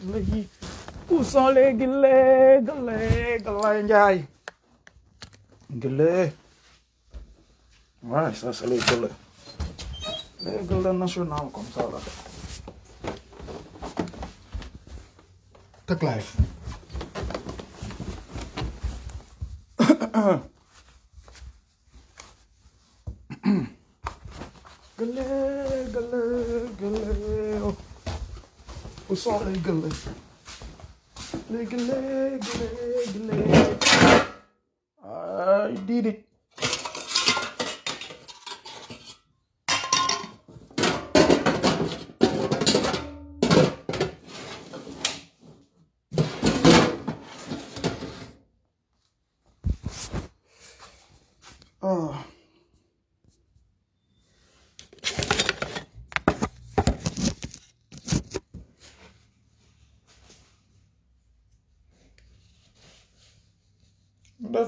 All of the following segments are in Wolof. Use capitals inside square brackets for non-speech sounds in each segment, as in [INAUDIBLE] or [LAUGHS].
gile, usan le gile, gile, gile njay. Gile. Ouais, ça c'est le national comme ça là. life. gile, gile, gile. Oh. Kutsa le gele. Le gele, gele, gele. I did it.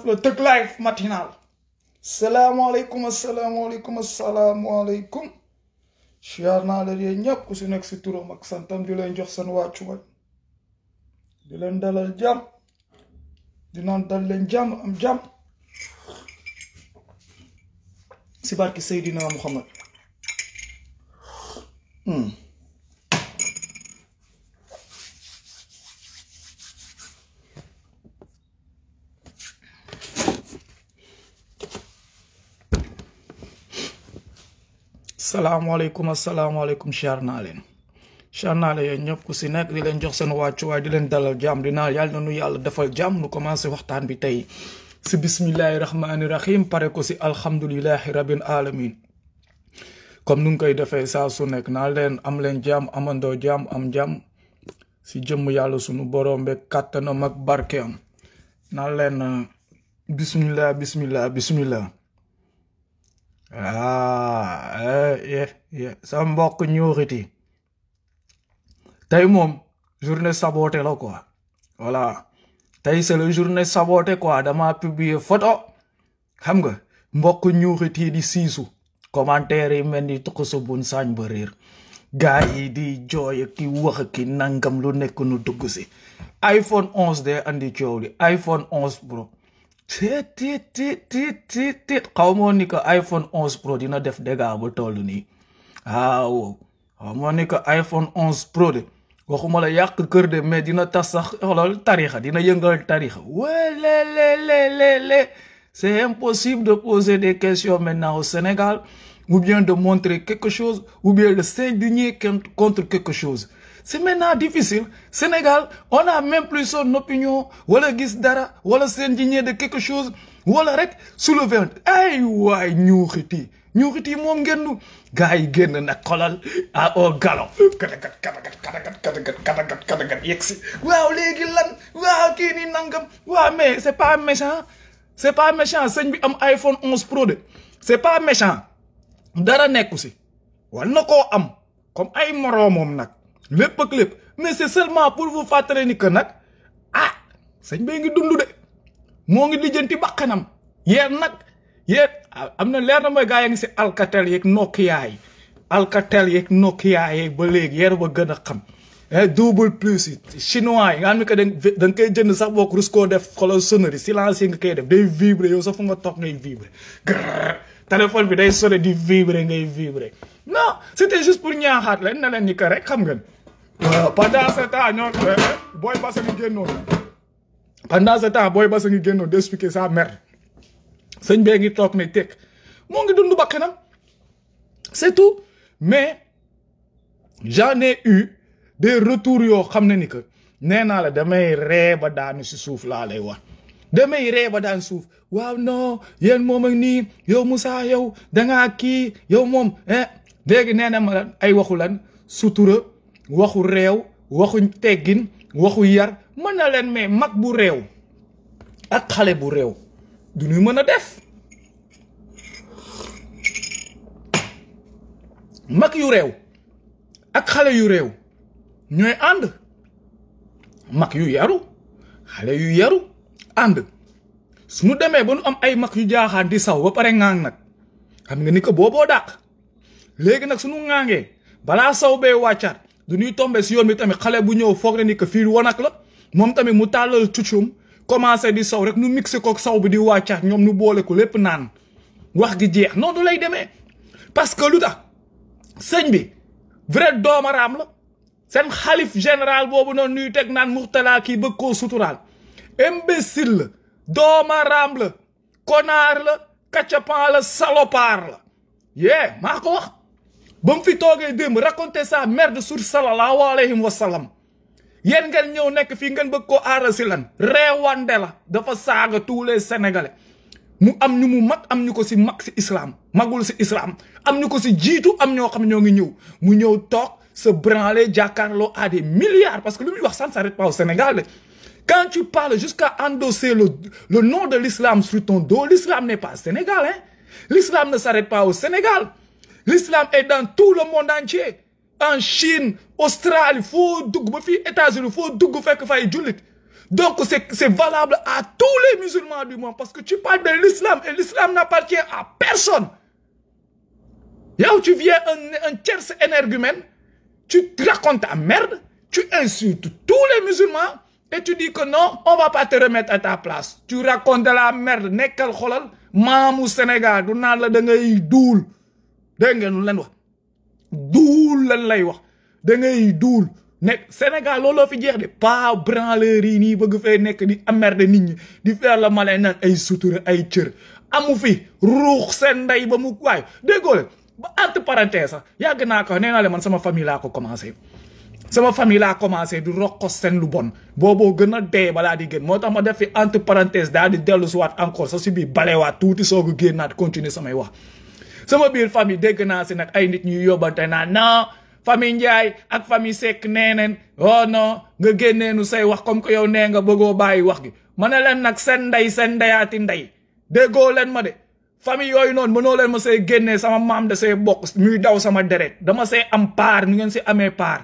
Tëg live matinal salaamaaleykum asalaamaaleykum asalaamaaleykum siyaar naa leen yéen ñëpp si nekk si turam ak santam di leen jox seen wàccuwaay di leen dalal jàmm di naan am jàmm si barki Seydina Muhammad hmm. salaamaaleykum asalaamaaleykum char naa leen char naa leen ñëpp ku si nekk di leen jox seen wàccuwaay di leen dalal jàmm di naan yàlla na nu yàlla defal jàmm nu commencé waxtaan bi tey si bismillahi rahmaani rahim pare ko si alhamdulilahi rabbil alamin comme nu ngi koy defee saa su nekk naa leen am leen jàmm amandoo jàmm am jàmm si jëmm yàlla sunu borom be mag ak barke am naa leen bismillah bismillah bismillah ah eh, eh, eh, sa mbokk ñuuxiti tey moom journée saboté la quoi voilà tey c'est le journée saboté quoi dama publier photo xam nga mbokk ñuuxiti di siisu commentaire yi mel ni tuxusu buñ saañ ba réer gaa yi di jooy ki wax ki nangam lu nekk nu dugg si iPhone 11 de andi coow li iPhone 11 Pro tit tit tit tit tit tit xaw ni ko iPhone 11 Pro dina def dégâts ba toll nii ah, waaw xaw moon ni ko iPhone 11 Pro de waxuma la yàq kër de mais dina tas sax xolol tarixa dina yëngal tarixa le. c'est impossible de poser des questions maintenant au Sénégal ou bien de montrer quelque chose ou bien de s'indigner contre quelque chose c'est maintenant difficile Sénégal on a même plus son opinion wala gis dara wala s'indigner de quelque chose wala rek soulever ay waay ñuuxiti ñuuxiti moom ngeen du gars yi génn nag xolal à au galop katakat katakat katakat katakat katakat kat yegg si waaw léegi lan waaw ni nangam waouh mais c'est pas méchant c'est pas méchant sëñ bi am iPhone 11 Pro de c'est pas méchant dara nekku si war am comme ay moroomam nak. lépp ak lépp mais c'est seulement pour vous fàttali ni que nag ah sëñ bi ngi dund de moo ngi lijjanti bakkanam yéen nag yéen am na leer na mooy gaa yi ngi si alcatel yeeg Nokia yi alcatel yeeg Nokia yi ba léegi yéen ba gën a xam eh, double plus yi chinois yi nga xam ne que da nga koy jënd sax boo ko koo def xoolal sonnerie silence yi nga koy def day vibre yow sax fu nga toog ngay vibre téléphone bi day sonné di vibre ngay vibre non c'était juste pour ñaaxaat leen ne leen ni que rek xam euh, pendant ce temps ñoo euh, booy Basse ngi pendant ce temps boy Basse ngi génnoon di sa mère c'est une belle toog mais tech mon ngi nous bakkanam c'est tout mais j'en ai eu des retours yo comme ne ni que nee naa la damay ree ba daanu si suuf laa lay wax damay ree ba suuf waaw non yéen moom ak nii yow Moussa yow dangaa kii yow moom hein? léegi nee na ma lan ay waxu lan sutura waxu réew waxu teggin waxu yar mën na leen mais mag bu réew ak xale bu réew du ñuy mën a def mag yu réew ak xale yu réew ñooy ànd mag yu yaru xale yu yaru ànd su suñu demee ba nu am ay mag yu jaaxaan di saw ba pare ŋaang nag xam nga ni ko booboo dàq léegi nag su suñu ŋaangee balaa saw bee wàccaat du ñuy tombe si yoon bi tamit xale bu ñëw foog ne ni que fii wanag la moom tamit mu tàllal cuccum commencé di saw rek nu mixé ko saw bi di wàccaat ñoom nu boole ko lépp naan wax gi jeex noonu lay demee parce que lu tax sëñ bi vrai doomaraam la seen xalif général boobu noonu nuy teg naan muxtalaa kii bëgg koo suturaal imbécile la doomaraam la konaar la kacapan la salopaar la yee maa ko wax bam fi toogee démb raconter sa merde sur sallallahu alayhi wa sallam yéen ngeen ñëw nek fi ngeen bëgg ko aara lan la dafa saga tous les sénégalais mu am ñu mu mag am ñu ko islam magul si islam am ñu ko si jiitu am ñoo xam ñoo ngi ñëw mu ñëw tok se branler diakarlo à des milliards parce que lu muy wax ça ne s'arrête pas au Sénégal quand tu parles jusqu'à endosser le le nom de l'islam sur ton dos l'islam n'est pas sénégalais hein. l'islam ne s'arrête pas au Sénégal l'islam est dans tout le monde entier en Chine Australie faut États-Unis donc c'est valable à tous les musulmans du monde parce que tu parles de l'islam et l'islam n'appartient à personne là où tu viens un un argument, tu racontes ta merde tu insultes tous les musulmans et tu dis que non on va pas te remettre à ta place tu racontes de la merde Sénégal dégg ngeen leen wax duul lan lay wax da ngay duul Sénégal lolo fi de pa branleur yi nii bëgg di amerde nit di faire la malin naan ay souture ay cër amu fi ruux seen ndey ba mu waay déggoo leen ba entre parenthèse sax yàgg ko nee le man sama famille laa ko commencé sama famille laa commencé du roqos sen lu bon bobo gëna dé bala di gën motax ma def fi entre parenthèse dal di dellu si waat encore sa subi balé wa touti sogu continuer samay wax sama biir famille dégg naa si nag ay nit ñuy yóbbante naa non famille Ndiaye ak famille Seck nee neen oh non nga génneenu say wax comme que yow nee nga bëggoo bàyyi wax gi ma ne leen nag seen ndey seen ndeyaati ndey déggoo leen ma de famille yooyu noonu mënoo leen ma see génnee sama maam de see bokk muy daw sama deret dama see am paar nu ngeen si amee paar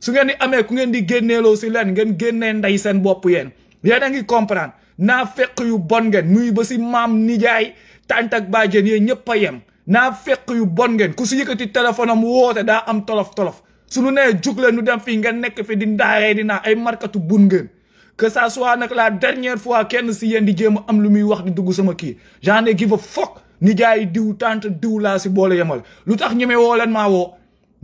su ngeen di amee ku ngeen di génneeloo si leen ngeen génnee ndey seen bopp yéen yéen a ngi comprendre naa fekk yu bon ngeen muy ba si maam nijaay tànt ak bàjjen yéen yem naa fekk yu bon ngeen ku si yëkkati téléphone am woote daa am tolof tolof suñu nee jug leen nu dem fii ngeen nekk fi di ndaaree di naa ay markatu bun ngeen que sa soit nag la dernière fois kenn si yéen di jéem am lu muy wax di dugg sama kii j'en ai give a fuck ni diw tant diw laa si boole yemal lu tax ñeme woo leen maa woo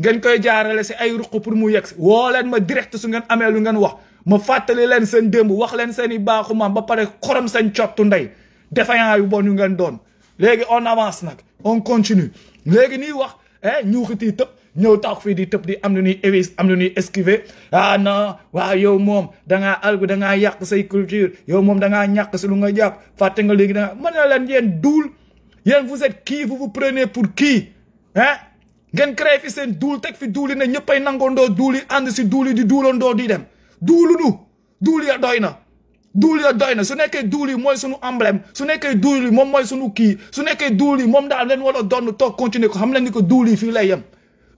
ngeen koy jaarale si ay ruq pour mu yegg woo leen ma direct su ngeen amee lu ngeen wax ma fàttali leen seen démb wax leen seen ba pare xorom seen cottu ndey défaillant yu bon yu ngeen doon léegi on avance nag on continue léegi ni wax eh ñuuxiti tëb ñëw tax fi di tepp di am na ñuy évis am esquiver ah non wa yow da nga algu nga yak, say culture yow moom nga ñak si lu nga jàpp Faté nga léegi da man la leen yeen duul Yeen vous êtes qui vous vous prenez pour qui hein ngeen créé fi sen doul tek fi douli ne ñeppay nangondo duul and ci si duul di doulondo di dem duulunu duul ya doyna. duul ya doy na su nekkee duul yi mooy sunu emblème su nekkee duul yi moom mooy sunu kii su nekkee duul yi moom daal leen war doon toog continuer ko xam leen ni ko duul yi fii lay yem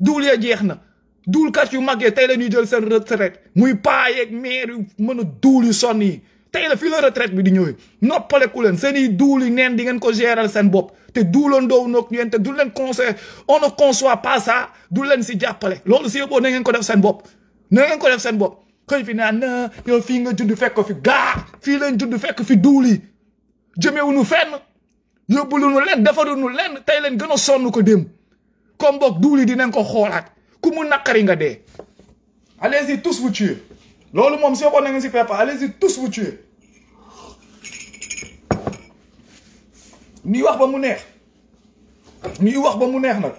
duul ya jeex na duulkat yu mag yi tey la ñuy jël seen retraite muy paa yeeg mën a duul yu sonn yi tey la fii la retraite bi di ñëwee noppaleku leen seen i duul yi neen di ngeen ko géral seen bopp te duuloon doow noog ñeen te du leen conseil on ne conçoit pas ça leen si jàppale loolu si yëpp na ngeen ko def seen bopp na ko def seen bopp xëy fi naan na yow fii nga judd fekk fi gaa fii lañ judd fekk fi duuli jëmewuñu fenn yóbbuluñu leen defaruñu leen tey leen gën a sonn ko dem kom boog duuli dinañ ko xoolaat ku mu naqari nga dee allez-y tous vous tuer loolu moom soo ko na ngeen si pepa allez-y tous vous wax ba mu neex ñuy wax ba mu neex nag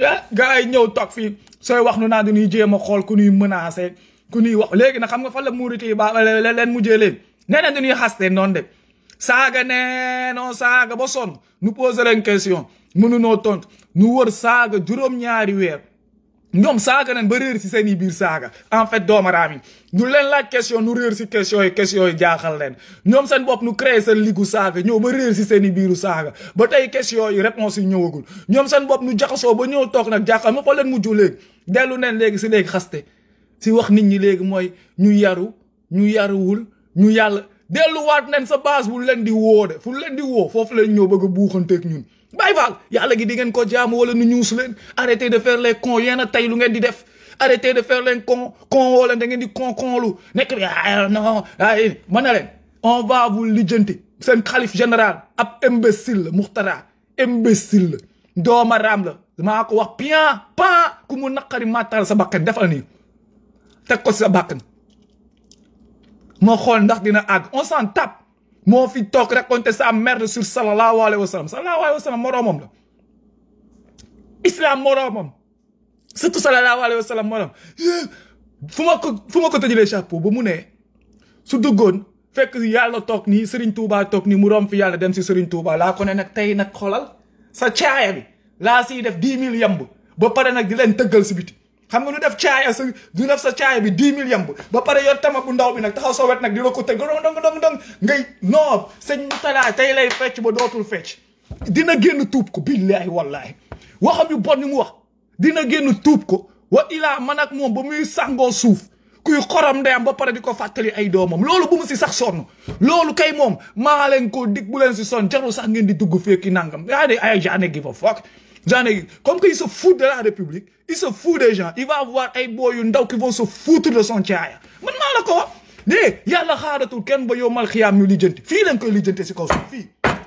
Eh, gars yi ñëw toog fii sooy wax nu naa dañuy jéem a xool ku ñuy menacé ku ñuy wax léegi nag xam nga fan la muurite yi baa leen mujjee leen nee na dañuy xaste noonu de saaga nee non saaga ba sonn nu poser leen question mënu noo tontu nu wër saaga juróom-ñaari weer ñoom saaga nañ ba réer si seen i biir saaga en fait doomaraam yi ñu leen laaj question nu réer si question yi question yi jaaxal leen ñoom seen bopp nu créé seen ligu saaga ñëw ba réer si seeni biiru saaga ba tey question yi réponse yi ñëwagul ñoom seen bopp nu jaxasoo ba ñëw toog nag jaaxal ma ko leen mujj léegi dellu neen léegi si léegi xaste si wax nit ñi léegi mooy ñu yaru ñu yaruwul ñu yàlla delluwaat neen sa base bu leen di woo de fu leen di woo foofu leen ñëw bëgg a ñun bàyyi y'a gi di ngeen ko jaamu wala nu ñuus leen arrêtez de faire les cons tay lu arrêtez de faire les cons con wala da di con con lu nek ah, ah, non on va vous C'est un calife général ab imbécile je imbécile dooma la dama ko wax sais pas ku mu nakari matal sa bakkan defal ni ko sa on s'en tape moo fi toog raconter sa merde sur sallallahu alayhi wa sallam sallallahu alayhi wa sallam moroomam la islam moroomam surtout sallallahu alayhi wa sallam moroom eh, fu ma ko fu ma ko tëjlee chapeau ba mu ne su duggoon fekk yàlla toog nii Serigne Touba toog ni mu rom fi yàlla dem si Serigne Touba laa ko ne nag tey nag xoolal sa caaya bi laa siy def dix mille yamb ba pare nag di leen tëggal si biti xam nga du def caaya sa du def sa caaya bi dix mille yemb ba pare yor tama bu ndaw bi nag taxaw sa wet nag di la ko tëgg dong dong dong dong ngay non sëñ Moutala tey lay fecc ba dootul fecc dina génn tuub ko billahi wallahi waxam yu bon yu mu wax dina génn tuub ko wa ilaa man ak moom ba muy sàngoo suuf kuy xorom ndeyam ba pare di ko fàttali ay doomam loolu bu mu si sax sonn loolu kay moom maa leen ko dig bu leen si sonn jarul sax ngeen di dugg feki nangam yaa de ay jaane give a Comme qu'il se fout de la République, il se fout des gens. Il va avoir un boy qui vont se foutre de son tiers. Maintenant, le corps, il y a le tout ken boyo mal khiyam yu lijenti. Fi len ko lijenti ci kaw fi.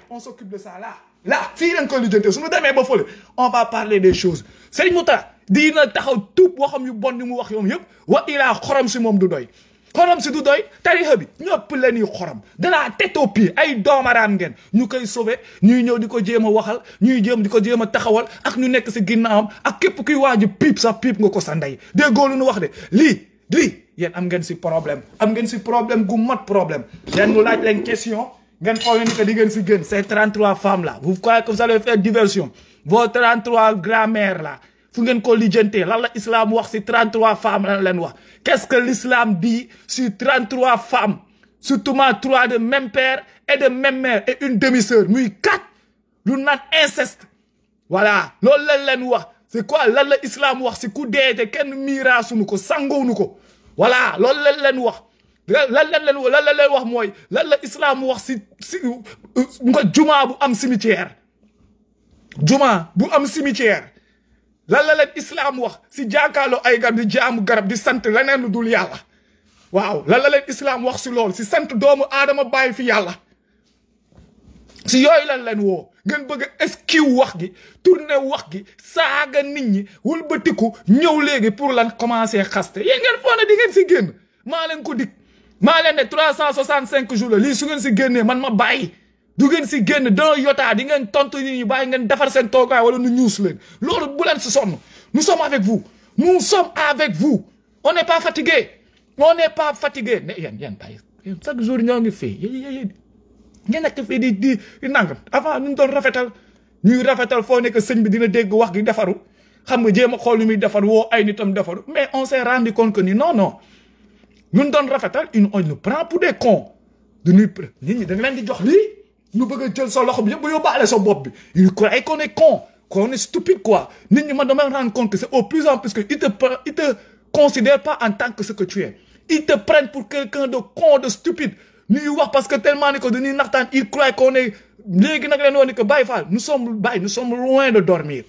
On s'occupe de ça là. Là, fi len ko lijenti. Suñu démé ba feulé, on va parler des choses. Serigne Mouta dina taxaw tout waxam yu bon ni mu wax yom yep wa ila kharam si mom du doy. korom si du doy tarixa bi ñëpp la ñuy xorom de la tête ay doomaraam ngeen ñu koy sauver ñuy ñëw di ko jéem a waxal ñuy jéem di ko jéem a taxawal ak ñu nekk si ginnaawam ak képp kuy waaju piip sa piip nga ko sa ndey déggoo lu nu wax de lii lii yéen am ngeen si problème am ngeen si problème gu mat problème yéen mu laaj leen question ngeen foog ni que di ngeen si gën ces 33 femmes là vous croyez que vous allez diversion vos 33 grand-mères là fu ngeen ko lijjantee lan la islam wax si 33 femmes lan leen wax qu'est-ce que l'islam dit sur 33 femmes surtout trois de même père et de même et une demi muy quatre lu naan inceste voilà loolu lan leen wax c'est lan la islam wax si ku deete te kenn miiraasuñu ko sangoonu ko voilà loolu lan leen wax lan lan leen lan la leen wax mooy lan la islam wax si si euh, nga jumaa bu am cimetière jumaa bu am cimetière lan la leen islaam wax si jaakaaloo ay garab di jaamu garab di sant leneen lu dul yàlla waaw lan la leen islaam wax si lool si sant doomu aadama bàyyi fi yàlla si yooyu lan leen woo ngeen bëgg a wax gi tourner wax gi saaga nit ñi wëlbatiku ñëw léegi pour lan commencer xaste yéen ngeen foog ne di ngeen si génn maa leen ko dig maa leen ne trois cent soixante cinq jours la lii su ngeen si génnee man ma bàyyi dugen ngeen si génn dans yotaa di ngeen tontu ni ñi bàyyi ngeen defar sen toogaay wala nu news leen lolu bu len si sonn nous sommes avec vous nous sommes avec vous on n'est pas fatigué on n'est pas fatigué ne yeen yéen bàyyi chaque jour ñoo ngi fii yéen ngeen nekk fii di di nangam avant ñu doon rafetal ñuy rafetal fo nek sëñ bi dina dégg wax gi defaru xam nga jema xol xool mi muy defar woo ay nitam defaru mais on s'est rendu compte que ni non non ñun doon rafetal une on nous prend pour des cons de nuit nit ñi dañ leen di jox li nous bëgg a jël sa loxo bi yëpp yóbbaale sa bopp bi il croyait qu'on est con qu'on est stupide quoi nit ñi man damay rendre compte que c'est au plus en plus que ils te ils te considèrent pas en tant que ce que tu es ils te prennent pour quelqu'un de con de stupide ñuy wax parce que tellement ni ko dañuy naxtaan ils croient qu'on est léegi nag leen woon ni que Baye nous sommes Baye nous sommes loin de dormir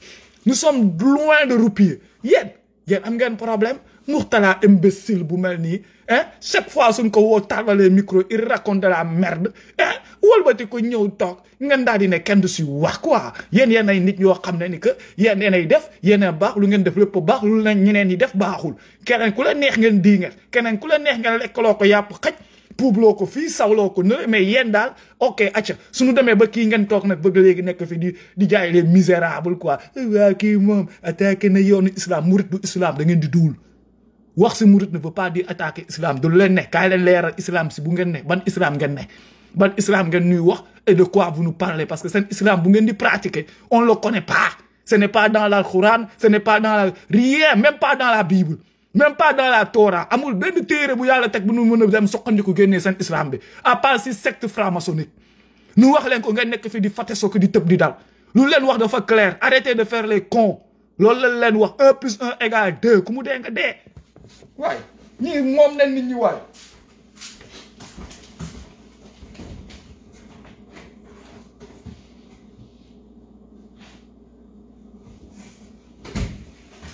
nous sommes loin de roupir yéen yéen am ngeen problème Mourtala imbécile bu mel nii hein chaque fois suñ ko woo tàllalee micro il raconte de la merde hein walbati ko ñëw toog ngeen daal di ne kenn du si wax quoi yéen yéen ay nit yoo xam ne ni que yéen yéen ay def yéen a baax lu ngeen def lépp baax lu leen ñeneen yi def baaxul keneen ku la neex ngeen dii ngeen keneen ku la neex ngeen lekkaloo ko yàpp xaj puubloo ko fii sawloo ko nële mais yéen daal ok acca suñu demee ba kii ngeen toog nag bëgg léegi nekk fi di di jaay les misérables quoi waaw kii moom attaqué na yoonu islam murit du islam da ngeen di duul wax si mourid ne veut pas dire attaquer islam de lu leen ne kaay leen islam si bu ngeen ne ban islam ngeen ne ban islam ngeen nuy wax et de quoi vous nous parlez parce que c'est islam bu ngeen di pratiquer on le connaît pas ce n'est pas dans l'Alcoran ce n'est pas dans la rien même pas dans la Bible même pas dans la Torah amul ben téré bu yalla tek bu nu meuna a dem soqandiku génnee seen islam bi à part si secte franc-maçonnique nu wax len ko ngeen nekk fii di faté soo di teub di dal lu len wax dafa clair arrêtez de faire les cons loolu la len wax un plus un égale deux ku dé nga waay ñii moom na nit ñi waay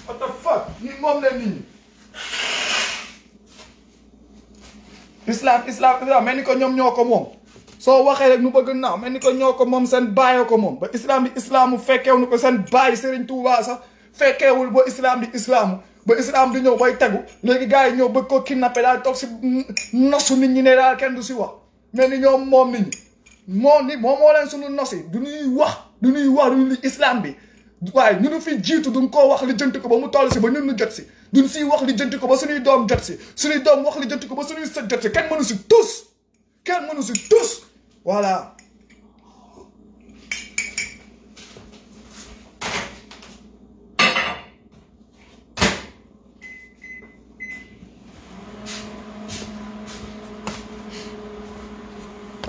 what the ñii moom na nit ñi islam islam islam mel ni ko ñoom ñoo ko moom soo waxee rek nu bëgg naaw mel ni ko ñoo ko moom seen baayoo ko moom ba islam bi islaam fekkeewu nu ko seen baay Serigne Touba sax fekkeewul ba islam bi islaam ba islam di ñëw bay tegu léegi gars yi ñëw bëgg ko kidnappé daal toog si nosu nit ñi ne daal kenn du si wax mel ni ñoom moom nit ñi moo ni moom moo leen suñu nosi du ñuy wax du ñuy wax lu islam bi waaye ñu nu fi jiitu duñ koo wax li jënt ko ba mu toll si ba ñun ñu jot si duñ siy wax li jënt ko ba suñuy doom jot si suñuy doom wax li jënt ko ba suñuy sa jot si kenn mënu si tous kenn mënu si tous voilà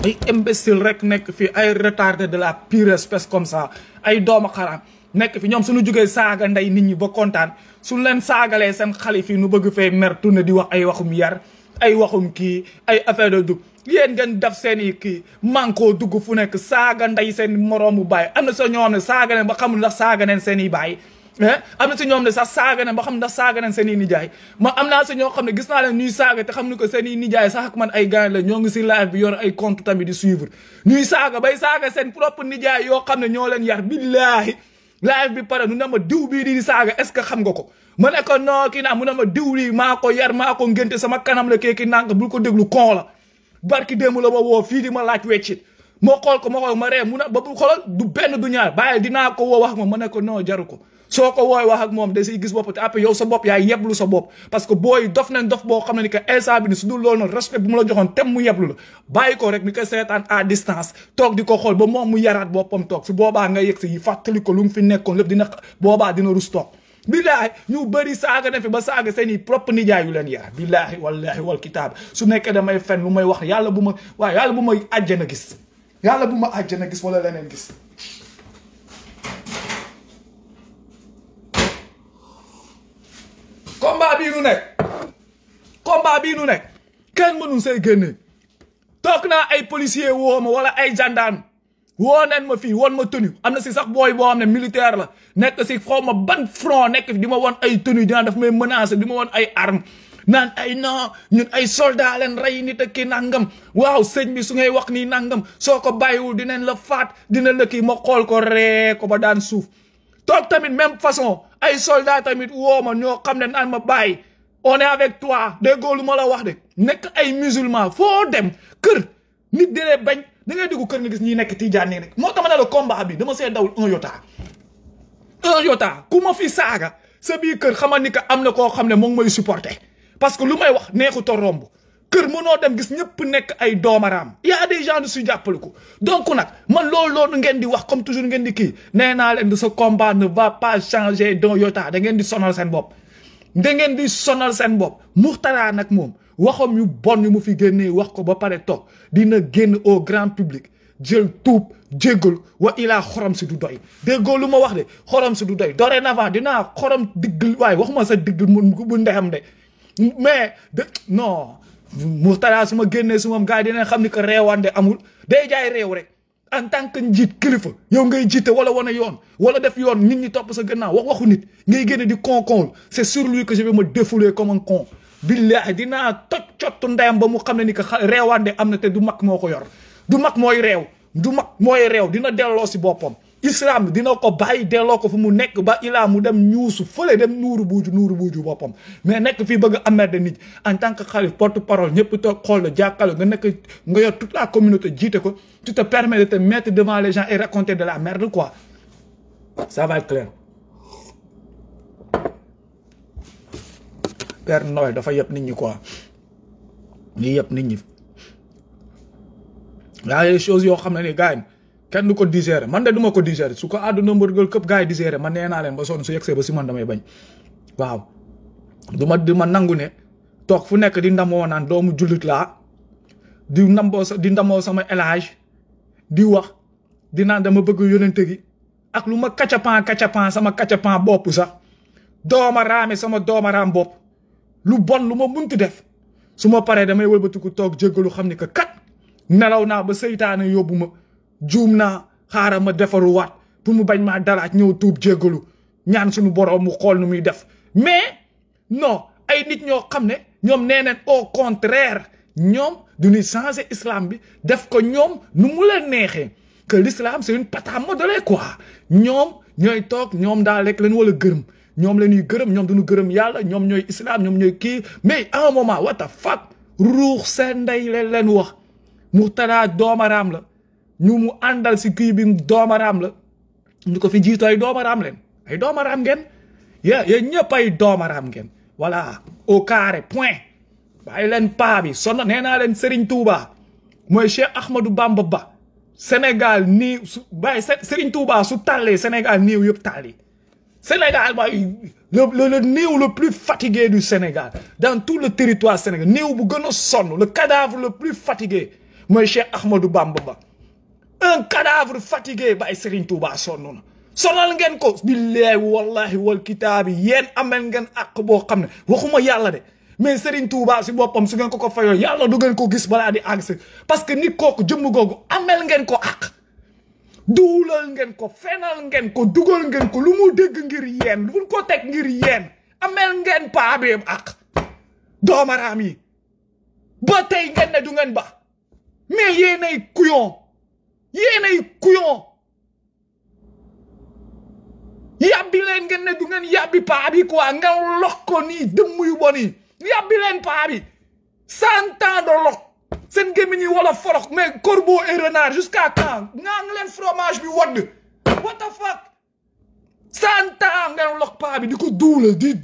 ay imbécile rek nekk fi ay retardé de la pire espèce comme ça ay doomu xaraam nekk fi ñoom suñu jugee saaga ndey nit ñi ba kontaan suñu leen saagalee seen xale fii nu bëgg fee mer tourné di wax ay waxum yar ay waxum kii ay affaire de dug yéen ngeen def seen i kii manko dugg fu nekk saaga ndey seen moroomu baay am na sa ñoo ne saaga neen ba xamul ndax saaga neen seen i baay Eh? am na si ñoom ne sax saaga na ba xam ndax saaga nañ seen i nijaay ma am naa si ñoo xam ne gis naa leen ñuy saaga te xam ni ko seeni i nijaay sax ak man ay gaañ la ñoo ngi si live bi yor ay compte tamit di suivre ñuy saaga bay saaga seen propre nijaay yoo xam ne ñoo leen yar billaahi live bi pare nu ne ma diw bii di saaga est-ce que xam nga ko ma ne ko non naa mu ne ma diw lii maa ko yar maa ko ngénte sama kanam la keeki nànk bul ko déglu kon la barki démb la ma woo fii di ma laaj weccit moo xool ko ma xool ma ree mu na ba bu xoolal du benn ñaar bàyyi dinaa ko woo wax ma ma ne ko jaru ko soo ko wooy wax ak moom da siy gis bopp te après yow sa bopp yaay yeblu sa bopp parce que booy dof nañ dof boo xam ne ni que instant bi ni su dul loolu noonu respect bu mu la joxoon tem mu yeblu la bàyyi ko rek ni ko seetaan à distance toog di ko xool ba moom mu yaraat boppam toog su boobaa nga yëg si yi fàttali ko lu mu fi nekkoon lépp dina boobaa dina rus toog billaahi ñu bëri saaga na fi ba saaga seen i propre nijaay yu leen yar billaahi wallaahi wal kitaab su nekkee damay fen lu may wax yàlla bu ma waaye yàlla bu ma àjjana gis yàlla bu ma àjjana gis wala leneen gis combat bii nu nekk combat bii nu nekk kenn mënul say génne toog naa ay policier woo ma wala ay gendarme woo nen ma fii won ma tenue am na si sax booy boo xam ne militaire la nekk si xaw ma ban front nekk di ma won ay tenue dinaa daf may menacer di ma won ay arme naan ay non ñun ay soldat leen rey nit ak ki nangam waaw sëñ bi su ngay wax nii nangam soo ko bàyyiwul dinañ la faat dina la kii ma xool ko ree ko ba daan suuf toog tamit même façon ay soldats tamit woo ma ñoo xam ne naan ma bàyyi on avec toi déggoo lu ma la wax de nekk ay musulman foo dem kër nit dee bañ da ngay dugg kër nga gis ñi nekk tijaan nii rek moo tama ma ne la combat bi dama see dawul un yota un yota ku ma fi saaga sa biir kër xamal ni que am na koo xam ne moom mooy supporter parce que lu may wax neexu to romb kër mënoo dem gis ñëpp nekk ay doomaraam y a des gens su jàppale ko donc nag man loolu loolu ngeen di wax comme toujours ngeen di kii nee naa leen ce combat ne va pas changer d'un iota dangeen di sonal seen bopp da ngeen di sonal seen bopp Mourtala nag moom waxam yu bon yu mu fi génnee wax ko ba pare toog dina génn au grand public jël tuub jéggal wa ilaa xorom si du doy déggoo lu ma wax de xorom si du doy na dorénavant dinaa xorom digg waaye waxuma sa digg mu bu ndexam de mais de non Mourtada su ma génnee suma moom gars yi dinañ xam ni que réewande amul day jaay réew rek en tant que njiit kilifa yow ngay jiite wala wane yoon wala def yoon nit ñi topp sa gannaaw wax waxu nit ngay génne di con con c'est sur lui que je vais me défouler comme un con. billahi dinaa toj cottu ndeyam ba mu xam ne ni que réewande am na te du mag moo ko yor du mag mooy réew du mag mooy réew dina delloo si boppam. islam dina ko bàyyi delloo ko fu mu nekk ba ilaa mu dem ñuusu fële dem nuuru buuju nuuru buuju boppam mais nekk fii bëgg a de nit en tant que xalif porte parole ñëpp toog xool la jàkkaarloo nga nekk nga yor toute la communauté jiite ko tu te permets de te mettre devant les gens raconter de la merde quoi ça va être clair. Père Noël dafa yëpp nit ñi quoi ñi yëpp nit ñi y a des choses yoo xam ne ni gars kenn du ko digérer man de duma ko digérer suko ko àdduna mbërgal këpp gars yi digérer man nee len ba son su yexé ba si man damay bañ waaw duma duma nangu ne toog fu nek di ndamo nan doomu julit la di nambo di ndamo sama élage di wax di nan dama bëgg yonenté gi ak luma kacapan kacapan sama kacapan bop sax dooma ramé sama doma ram bop lu bon luma muntu munti def suma paré damay wëlbeutiku tok jéggalu xamni ka kat nelaw ba seytane yobuma juum naa xaaral ma defaruwaat pour mu bañ ma daraat ñëw tuub jéggalu ñaan suñu boroom mu xool nu muy def mais non ay nit ñoo xam ne ñoom nee nañ au contraire ñoom du ñuy changer islam bi def ko ñoom nu mu la neexee que l'islam c'est une pâte modelée quoi ñoom ñooy toog ñoom daal lekk leen wala gërëm ñoom la ñuy gërëm ñoom duñu gërëm yàlla ñoom ñooy islam ñoom ñooy kii mais à un moment what the fuck ruux seen ndey leen leen wax mu taraa doomaraam la Nous mu nous si kii bi la ñu ko fi ay ram len ay ya ay gen voilà au carré point bàyyi len pa bi son Serigne Touba Cheikh Ahmadou Bamba Ba Sénégal ni Serigne Touba su Sénégal Sénégal Sénégal, le le le plus fatigué du Sénégal dans tout le territoire sénégal, nous bu le cadavre le plus fatigué Monsieur Cheikh Bamba un cadavre fatigué bay serigne touba sonnu na sonal ngeen ko billahi wallahi wal kitabi yen amel ngeen ak bo xamne waxuma yalla de mais serigne touba ci bopam su ngeen ko ko fayo yalla du ngeen ko gis bala di parce que nit koku jëm gogu amel ngeen ko ak doulal ngeen ko fenal ngeen ko Duga ngeen ko lu mu dégg ngir yeen lu ko tek ngir amel ngeen pa bi ak do marami. ba engen ngeen ne du ngeen ba mais yene kuyon. yéenay kuyon yàbbi leen ngeen ne du ngeen yàbbi paa bi quoi nga nii dëmm yu bon yi yàbbi leen paa bi cent ans wala forox mais corbeau et renard jusqu'à quand ngaa fromage bi wadd what the fuck cent ans ngeen di ko duul di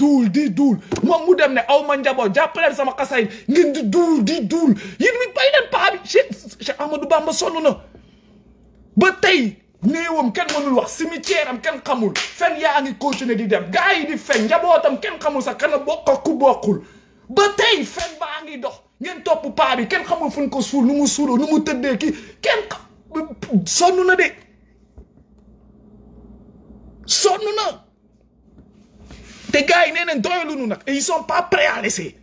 duul moom mu dem ne aw ma njaboot jàppaleen sama xasay ngeen di duul di duul yéen mi bàyyi leen paa bi Cheikh Amadou Bamba sonn na ba tey néewam kenn mënul wax cimetière am kenn xamul fen yaa ngi continuer di dem gars yi di fen njabootam kenn xamul sax kana bokk ku bokkul ba tey fen baa ngi dox ngeen topp paa bi kenn xamul fu ñu ko suul nu mu suuloo nu mu tëddee ki kenn sonn na de sonn na te gars yi nee nañ doyaluñu nag et ils sont pas prêts à laisser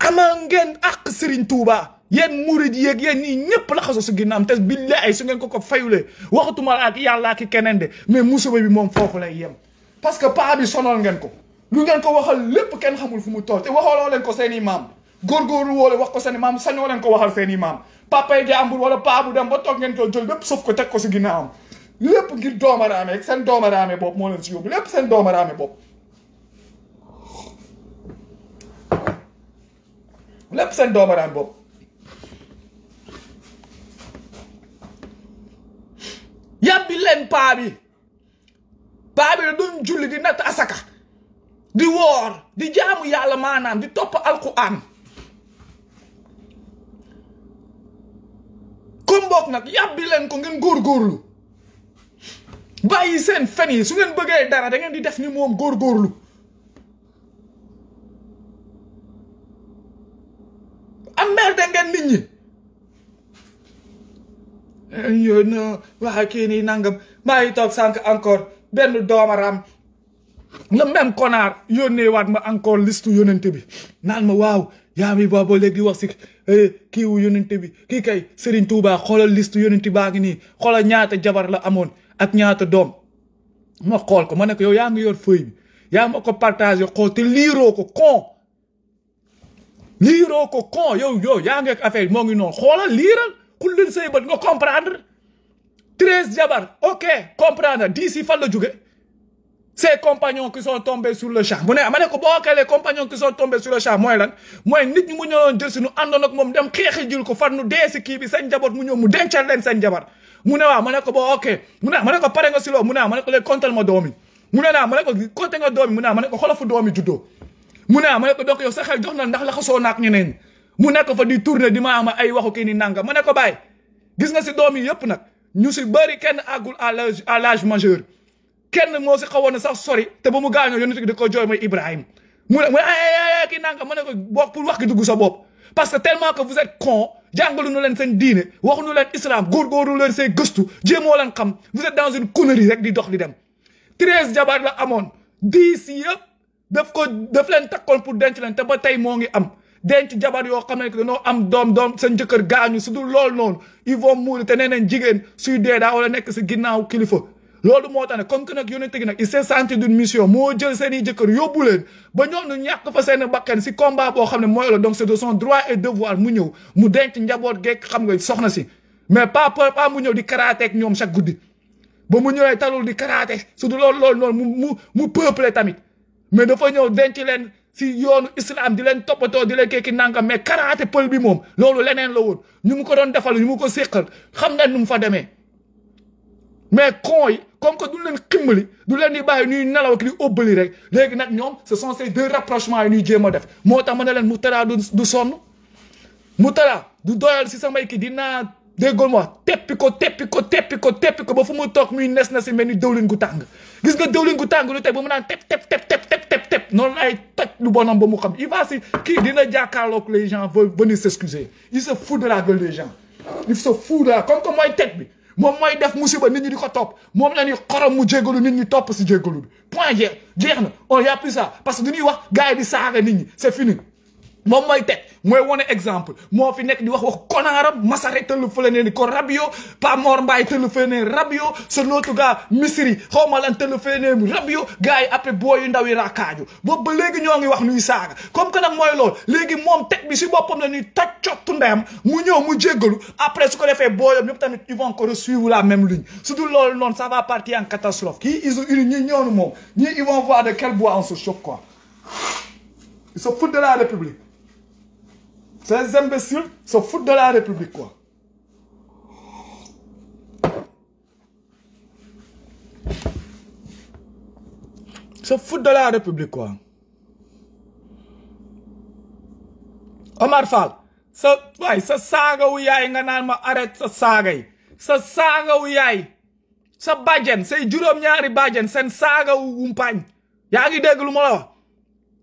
amal ngeen ak sëriñ Touba. yéen murid yéeg yéen ñii ñëpp la xaso su ginnaam te billahi su ngeen ko ko fayulee waxatuma la ak yàlla ak keneen de mais musiba bi moom foofu lay yem parce que paa bi sonal ngeen ko lu ngeen ko waxal lépp kenn xamul fu mu toll te waxaloo leen ko seen i maam góorgóorlu woole wax ko seen i maam sañoo leen ko waxal seen i maam papa yi jàmbur wala paa bu dem ba toog ngeen ko jël lépp sëf ko teg ko su am lépp ngir doomaraame seen doomaraame bopp moo leen si yóbbu lépp seen doomaraame bopp lépp seen doomaraame bopp yàbbi leen paa bi paa bi doon julli di natt asaka di woor di jaamu yàlla maanaam di topp alquran comme boog nag yàbbi leen ko ngeen góorgóorlu bàyyi seen fen yi su ngeen bëggee dara da ngeen di def ni moom góorgóorlu am mer da ngeen nit ñi yoon waa kii nii nangam maa ngi toog sànq encore benn doomaram le même connard yónnee waat ma encore liste yónente bi naan ma waaw yaa mi booba léegi di wax si eh, kii wu yónente bi kii kay Serigne Touba xoolal liste yónente baa ngi nii xoolal ñaata jabar la amoon ak ñaata doom ma xool ko ma ne yow yaa ngi yor bi yaa ma ko partagé xool te liiroo ko kon liiroo ko kon yow yow yaa ngi ak affaire moo ngi noonu liiral xul leen say bët nga comprendre treize jabar ok comprendre dix yi fan la jóge ces compagnons qui sont tombés sur le champ mu ne ma ne ko boo xoolee les compagnons qui sont tombés sur le champ mooy lan mooy nit ñi moom dem xeexi ko fan nu dee kii bi seen jaboot mu ñëw mu dencal leen seen mu ne waaw ma ne ko boo ok mu ne ma ko pare nga si loolu mu ne ma ne ko léegi compter ma doom yi mu ne naa ma ne ko compter nga doom yi mu ne ma ko xoolal fu doom yi jox na ndax la xasoo naak ñeneen mu nek fa di tourner di ma ay waxu kii ni nangam mu ne ko bay gis nga ci domi yep nak ñu ci bari kenn agul à l'âge à l'âge majeur kenn mo ci xawoon sax sori te bu mu gaañoo yonent di ko joy moy Ibrahim mu ne mu ay ay ki nangam mu ne ko bok pour wax ki duggu sa bop parce que tellement que vous êtes con jangalu nu len sen diine waxu nu len islam góorgóorlu len sey geustu jéemoo len xam vous êtes dans une connerie rek di dox di dem 13 jabar la amone 10 yep daf ko daf len takkoon pour denc len te ba tay mo ngi am denc jabar yoo xamante ne noo am doom doom seen jëkkër gaañu su dul lool noon ils vont mourir te nee jigéen suy dee daa wala nekk si ginnaaw kilifa loolu moo tax ne comme que nag yonente gi nag il s'est senti d'une mission moo jël seeni i jëkkër yóbbu ba ñoom ñu ñàkk fa seen bakkan si combat boo xam ne mooy la donc c'est de son droit et devoir mu ñëw mu denc njaboot geeg xam nga soxna si mais pas pas mu ñëw di karaateeg ñoom chaque guddi ba mu ñëwee talul di karaate su dul loolu loolu noonu mu mu mu peuplé tamit mais dafa ñëw denc leen si yoonu islam di leen toppatoo di leen kekki nangam mais karaté pël bi moom loolu leneen la woon ñu mu ko doon defal ñu mu ko séqal xam na nu mu fa demee mais con yi comme que du leen ximbali du leen di bàyyi ñuy nelaw ak di óbbali rek léegi nag ñoom ce son ces deux rapprochements yi ñuy jéem a def moo tax ma ne leen mu taraa du sonn mu taraa du doyal si samay ki dinaa déggool ma teppi ko teppi ko teppi ko teppi ko ba fu mu toog muy nes na si mel ni dëwlin gu tàng gis nga dëwlin gu tàng lu teg ba mu naan tep tep tep tep tep tep tep noonu ay toj lu bonam ba mu xam i va kii dina jàkkaarloog les gens veulent venir s'excuser il se fout de la gueule des gens il se fout de la comme que mooy teg bi moom mooy def musiba nit ñi di ko topp moom la ñuy xorom mu jégalu nit ñi topp si jégalu bi point jeex jeex na on oh, y a plus ça parce que du ñuy wax gars yi di saaga nit ñi c'est fini moom may teg mooy wane exemple moo fi nekk di wax wax konaaram Masare tëll fële ne ni ko Rabio Pa Mor Mbaye tëll fële ne Rabio sa nootu gaa Misiri xaw ma lan tëll fële ne Rabio gars yi après booyu ndaw yi raakaaju boobu ba léegi ñoo ngi wax nuy saaga comme que nag mooy loolu léegi moom teg bi si boppam la ñuy taj cottu ndeyam mu ñëw mu jéggalu après su ko defee booyam ñëpp tamit ils vont encore suivre la même ligne su dul loolu noonu ça va partir en catastrophe kii iso uni ñi ñoonu moom ñii ils vont voir de quel bois on se chauffe de la République ces imbéciles se foutent de la République quoi se foutent de la République quoi Omar Fall sa waay sa yaay nga naan ma arrête sa saaga yi sa saagawu yaay sa bàjjen say juróom-ñaari bàjjen seen saagawu wumpaañ yaa ngi dégg lu ma la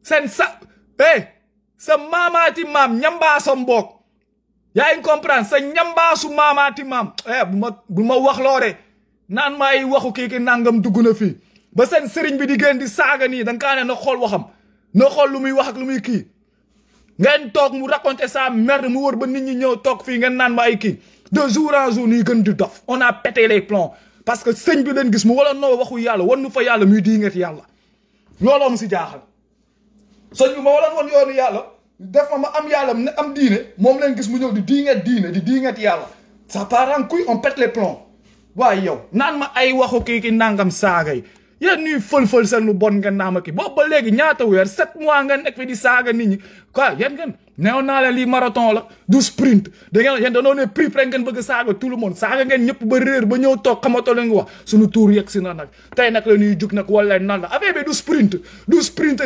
wax sa maamaati maam ñambaasa mboog yaa ngi comprendre sa ñambaasu maamaati maam eh bu ma bu ma wax loore naan maay waxu kii ki nangam dugg na fii ba seen sëriñ bi di gën di saaga nii da nga kaa ne na xool waxam na xool lu muy wax ak lu muy kii ngeen toog mu raconte sa merde mu war ba nit ñi ñëw toog fii ngeen naan maay ay kii de jour en jour gën di dof on a pété les plombs parce que sëñ bi leen gis mu wala noo waxu yàlla wan nu fa yàlla muy diingat yàlla looloo mu si jaaxal sëñ bi ma waroon woon yoonu yàlla def ma ma am yàlla ne am diine moom leen gis mu ñëw di diinget diine di diinget yàlla ça part en couille on pète les plombs waaye yow naan ma ay waxu kii ki nangam saaga yi yeen ñuy fël-fël seen lu bon ngeen naa ma kii boobu ba léegi ñaata weer sept mois ngeen nekk fi di saaga ni ñi quoi yéen ngeen neew naa lii marathon la du sprint da ngeen yéen danoo ne prix rek ngeen bëgg saaga tout le monde saaga ba réer ba ñëw toog xamatoo leen wax suñu tuur yegg na nag tey nag la ñuy jug nag wala nan la affaire bi du sprint du sprint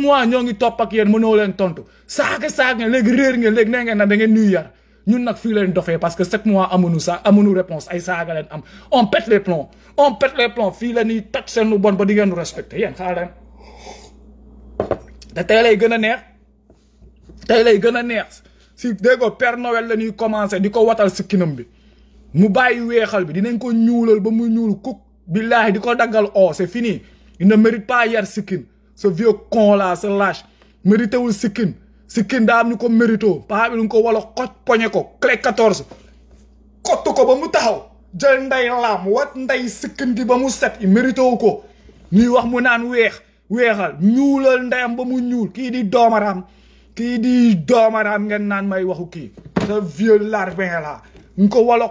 mois ñoo ngi topp ak yéen mënoo leen tontu saaga saaga ngeen léegi réer ngeen léegi nee ngeen nag da ngeen nuyu nag fii le dofee parce que sept mois amuñu sa amuñu réponse ay saaga leen am on pète les plombs on pète les plombs fii la ñuy toj seen lu bon ba di ngeen respecté yéen xaar leen te tey lay gën neex tey lay neex si dégo Père Noël la ñuy commencé di watal si kinam bi mu bayyi wéxal bi dinañ ko ñuulal ba mu ñuul kuk billahi di daggal o oh, c'est fini il ne mérite pas yar sikin ce vieux con là ce lâche mérité wul sikin sikin da am ñuko ko mérito pa bi lu ko wala xoj pogné ko clé 14 kottu ko ba mu taxaw jël nday lam wat nday sikin di ba mu set mérito ko ñuy wax mu naan wéx weexal ñuulal ndeyam ba mu ñuul kii di doomaraam kii di doomaraam ngeen naan may waxu kii sa vieux larbin la nga ko wala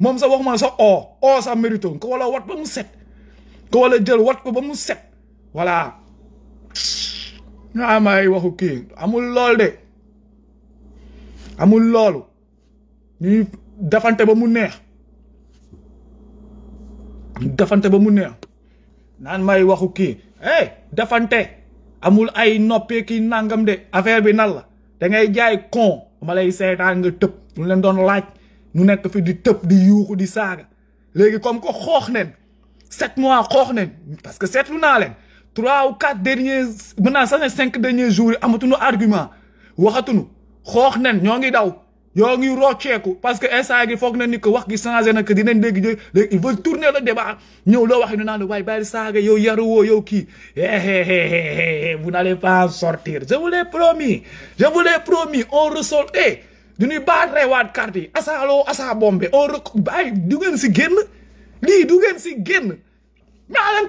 moom sa waxuma sa o o sa mérito nga ko wala wat ba mu set ko wala jël wot ko ba mu set voilà naa may waxu kii amul lool de amul loolu ñuy dafante ba mu neex dafante ba mu neex naan may waxu kii defante amul ay noppee ki nangam de affaire bi nan la da ngay jaay kon ma lay seetaan nga tëb ñu leen doon laaj ñu nekk fi di tëb di yuuxu di saaga léegi comme ko xoox neen sept mois xoox neen parce que seetlu naa leen trois ou quatre derniers maintenant sax ne cinq derniers jours yi amatuñu argument waxatuñu xoox neen ñoo ngi daw yo ngi roche parce que ça gi na que wax gi ils tourner le débat ñëw lo wax ñu naan la waaye saga, yo yow yaruwoo yow eh, eh, eh, vous n'allez pas sortir je vous l'ai promis je vous l'ai promis on ressort eh ni asa asa on rek du ngeen ci genn li du ngeen ba ay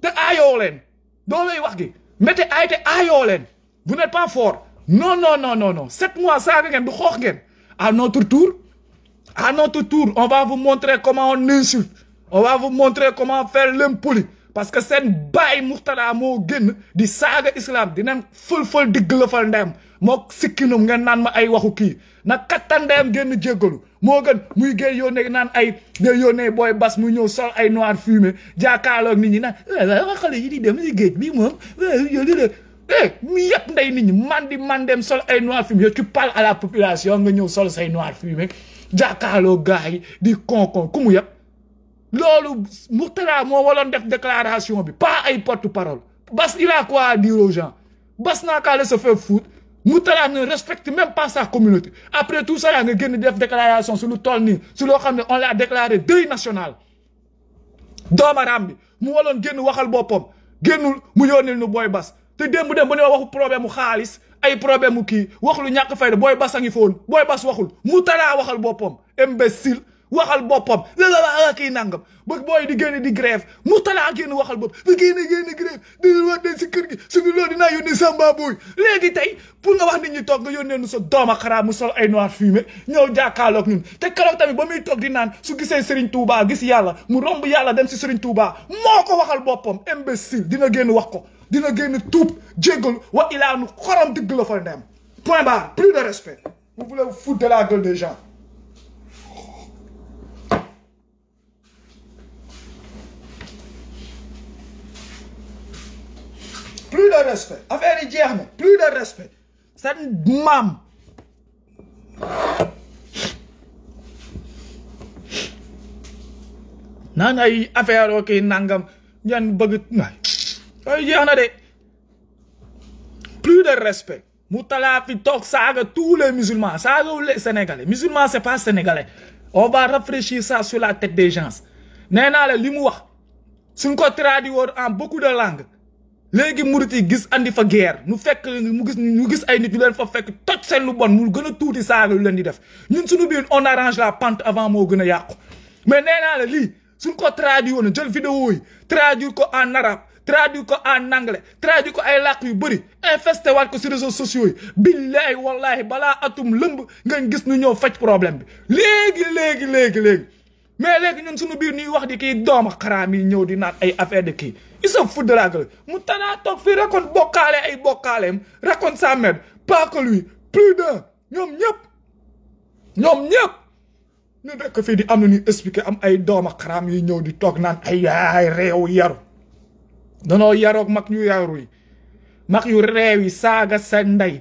te wax gi te vous n'êtes pas fort non non non non non sept mois ça à notre tour à notre tour on va vous montrer comment on insulte on va vous montrer comment faire l'impoli parce que c'est baye de di saga islam dinañ full full de gëlëfal ndeyam moo sikkinum ngeen naan ma ay waxu na de boy bas mu noir fumé jaakaaloog eh mi yëpp ndey nit ñi man di man sol ay noir fumé tu parles à la population nga ñeu sol say noir fumé jàkkaarloo gaay di konkon ku mu yëpp loolu Mourtala moo def déclaration bi pas ay porte parole bas il a quoi à dire aux gens n'a ka se faire foutre Mourtala ne respecte même pas sa communauté après tout ça nga génn def déclaration sur lu toll nii su lo xamné on l'a déclaré deuil national doomaraam bi mu waroon génn waxal bopom, génnul mu yónnil nu boy Bass te démb dem ba ne waxu problème mu xaalis ay problème mu kii wax lu ñàkk fayda booy bas a ngi foon booy bas waxul mu taraa waxal boppam imbécile waxal boppam la kii nangam ba booy di génne di grève mu talaa génn waxal bopp di génne génne grève di wax de si kër gi suñu loolu dinaa yónnee samba booy léegi tey pour nga wax nit ñi toog nga yónnee nu sa doom a xaraam mu sol ay noir fumé ñëw jàkkaarloog ñun te keroog tamit ba muy toog di naan su gisee Serigne Touba gis yàlla mu romb yàlla dem si Serigne Touba moo ko waxal boppam imbécile dina génn wax ko dina génn tuub jéggal wa ilaa nu xorom dëgg la fa dem point barre plus de respect vous voulez vous foutre de la gueule des gens plus de respect affaire yi plus de respect seen mam. naan ay affaire oo kii nangam ñan bëgg plus de respect Moutalafi Toc fi tous les musulmans tous les sénégalais musulmans c'est pas sénégalais on va réfléchir ça sur la tête des gens nee wax en beaucoup de langues nous murit guerre Nous faisons que nous gis ay Nous fa Nous bon nous on arrange la pente avant nous nous mais nous naa la nous nous vidéo en arabe traduit ko en anglais traduit ko ay làkk yu bëri infesté waat ko si réseaux sociaux yi billahi wallahi balaa atum lëmb nga gis nu ñëw faj problème bi léegi léegi léegi léegi mais léegi ñun suñu biir ñuy wax di kii dooma xaraam yi ñëw di naan ay affaire de kii il se fout de mu tanaa toog fii raconte bokkaale ay bokkaaleem raconte sa mère pas que plus d'un ñoom ñëpp ñoom ñëpp ñu dëkk fii di am na ñuy expliqué am ay dooma xaraam yi ñëw di toog naan ay yaay réew yaru danoo yaroog mag ñu yaru yi yu réew yi saaga sa ndey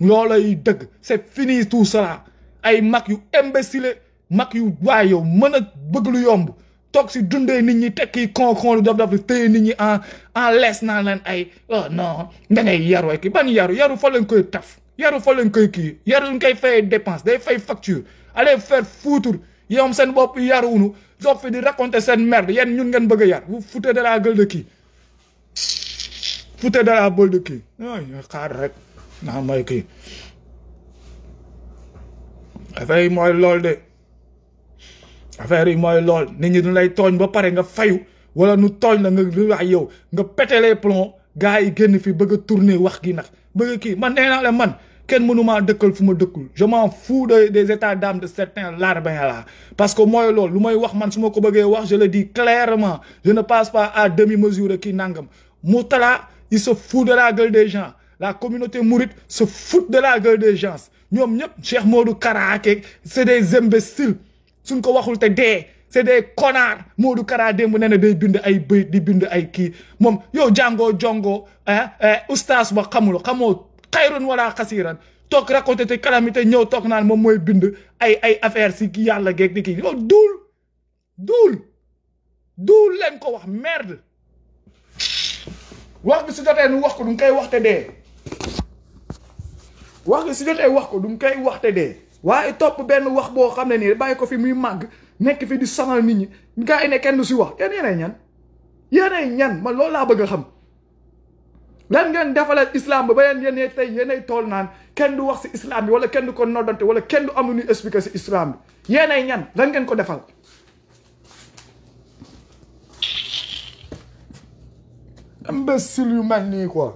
loolay dëgg c'est fini tout cela ay mag yu imbécile mag yu waay yow mën a bëgg yomb toog si dundee nit ñi tekki konkon lu daf-daf téye nit ñi en en lees naa leen ay oh non da ngay yaru ay kii ban yaru yaru fa lañ koy taf yaru fa lañ koy kii yaru ñu koy fay dépense day fay facture allez faire foutre yow seen bopp yaruwunu jox fi di raconter seen merde yéen ñun ngeen bëgg a yar vous foutez de la gueule kii foutez de la boule de kii xaar ah, rek naa mooy kii affaire yi mooy lool de affaire yi mooy lool nit ñi duñ lay tooñ ba pare nga fayu wala nu tooñ la nga di wax yow nga pété les plombs gars yi génn fi bëgg turné tourner wax gi nag bëgg kii man nee man Quel monument de Je m'en fous de, des états d'âme de certains larbins là. Parce que moi, là, je le dis clairement. Je ne passe pas à demi-mesure qui n'angam. Moutala, il se fout de la gueule des gens. La communauté mourite se fout de la gueule des gens. Nous, Cheikh Modou Karaake, c'est des imbéciles. suñ ko waxul te dee c'est des connards Modou Kara démb nee na day bind ay bëy di bind ay kii moom yow jàngoo jongoo ah hein, hein, ustas ba xamul xamoo khairun wala khasiran tok raconté te calamité ñëw tok naan mom moy bind ay ay affaire ci ki yàlla geeg di kii yow dul duul ko wax merde wax bi su jotté nu wax ko du koy waxte dé wax bi su jotté wax ko du koy waxte dé waye top ben wax bo xamné ni nii ko fi muy mag nek fi di sonal nit ñi gaa ne kenn du ci wax yene nyan, ñan yene ñan ma lool la bëgg xam dan ngeen defalal islam ba yeen yene tay yene tol nan kenn du wax ci islam wala kenn du ko nodante wala kenn du amu ñu expliquer ci islam bi yene ñan dan ngeen ko defal imbécile yu mel ni quoi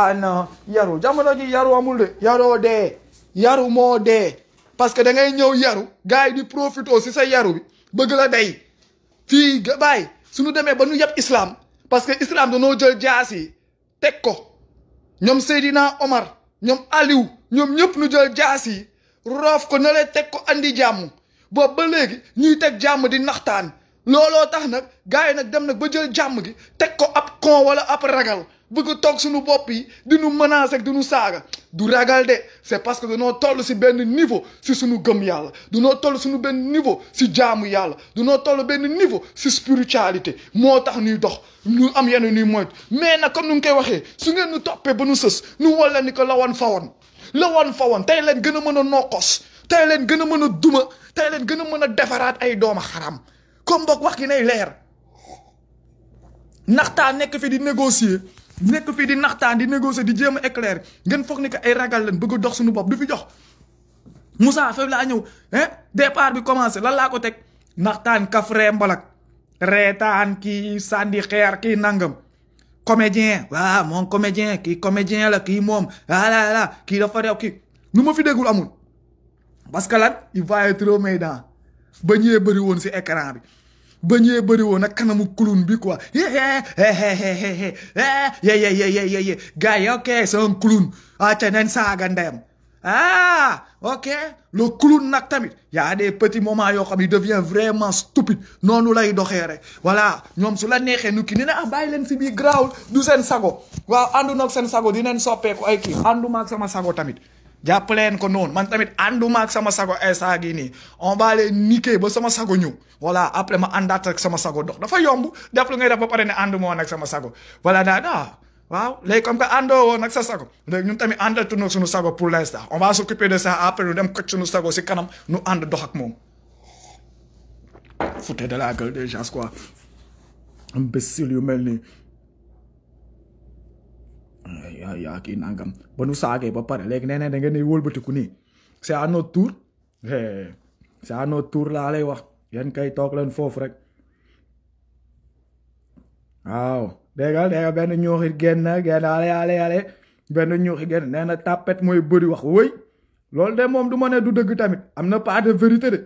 ah non yaru jamono ji yaru amul de yaroo de yaru mo de parce que da ngay ñew yaru gaay di profito si sa yaru bi bëgg la day fi baay suñu demee ba ñu yeb islam parce que islam dañoo jël jaas yi teg ko ñoom Seydina Omar ñoom Aliou ñoom ñëpp ñu jël jaas yi roof ko na leen teg ko andi jàmm boobu ba léegi ñuy teg jàmm di naxtaan looloo tax nag gars yi nag dem nag ba jël jàmm gi teg ko ab kon wala ab ragal bëgg toog suñu bopp yi di nu menacer ak di nu saaga du ragal de c'est parce que danoo toll si benn niveau si suñu gëm yàlla danoo toll suñu benn niveau si jaamu yàlla danoo toll benn niveau si spiritualité moo tax nuy dox ñu am yenn ñuy moytu mais na comme nu ngi koy waxee su ngeen nu toppee ba nu sës nu walla ni ko lawoon fawoon lawoon fawoon tey leen gën a mën a nokkos tey leen gën a mën a duma tey leen gën a mën a defaraat ay dooma xaram comme boog wax gi nay leer ndaxtaa nekk fi di négocier. nek fi di naxtan di négocier di jëm éclair éclaire ngeen foog ni ka ay ragal leen bëgg dox suñu bop du fi jox Moussa foofu la ñew hein départ bi commencé lan la ko tek naxtan ka fré mbalak rétan ki sandi xéer ki nangam comédien wa mon comédien ki comédien la ki mom ah la la ki dafa réew kii nu ma fi déggul amul parce que lan il va être au maidan ba ñëwee bëri won ci écran bi ba ñee bëri woon ak kanamu kulun bi quoi yeyeyeyeyeye gars yi ok c'est un clown aca ah, neen saaga ndeyam ah ok le clown nag tamit y a des petits moments yoo xam ne devient vraiment stupide noonu lay doxee rek voilà ñoom su la neexee nu kii nee na ah bàyyi leen fi bii grawul du seen sago waaw ànduna ak seen sago dineen soppeeku ay kii ànduma ak sama sago tamit jàpp leen ko noonu man tamit ànduma ak sama sago ay saa nii on va les niquer ba sama sago ñëw voilà après ma àndaat ak sama sago dox dafa yomb def lu ngay def ba pare ne ànduma woon ak sama sago voilà daa daa waaw léegi comme que àndoo woon ak sa sago léegi ñun tamit àndatuñu ak suñu sago pour l'instant on va s'occuper de ça après ñu dem ko suñu sago si kanam nu ànd dox ak moom. foutez de la gueule des gens quoi imbécile yu mel nii ya ya kini nu saagee ba pare papa lek nene ngeen di wul nii saya est tour heh saya à tour lah lay wax yan kay toog leen foofu rek waaw déggal déggal nyuhir gen génn ale ale ale benda nyuhir génn nee tapet mau ibu wax woi lol de moom du ma duduk kita dëgg amna am ada pas de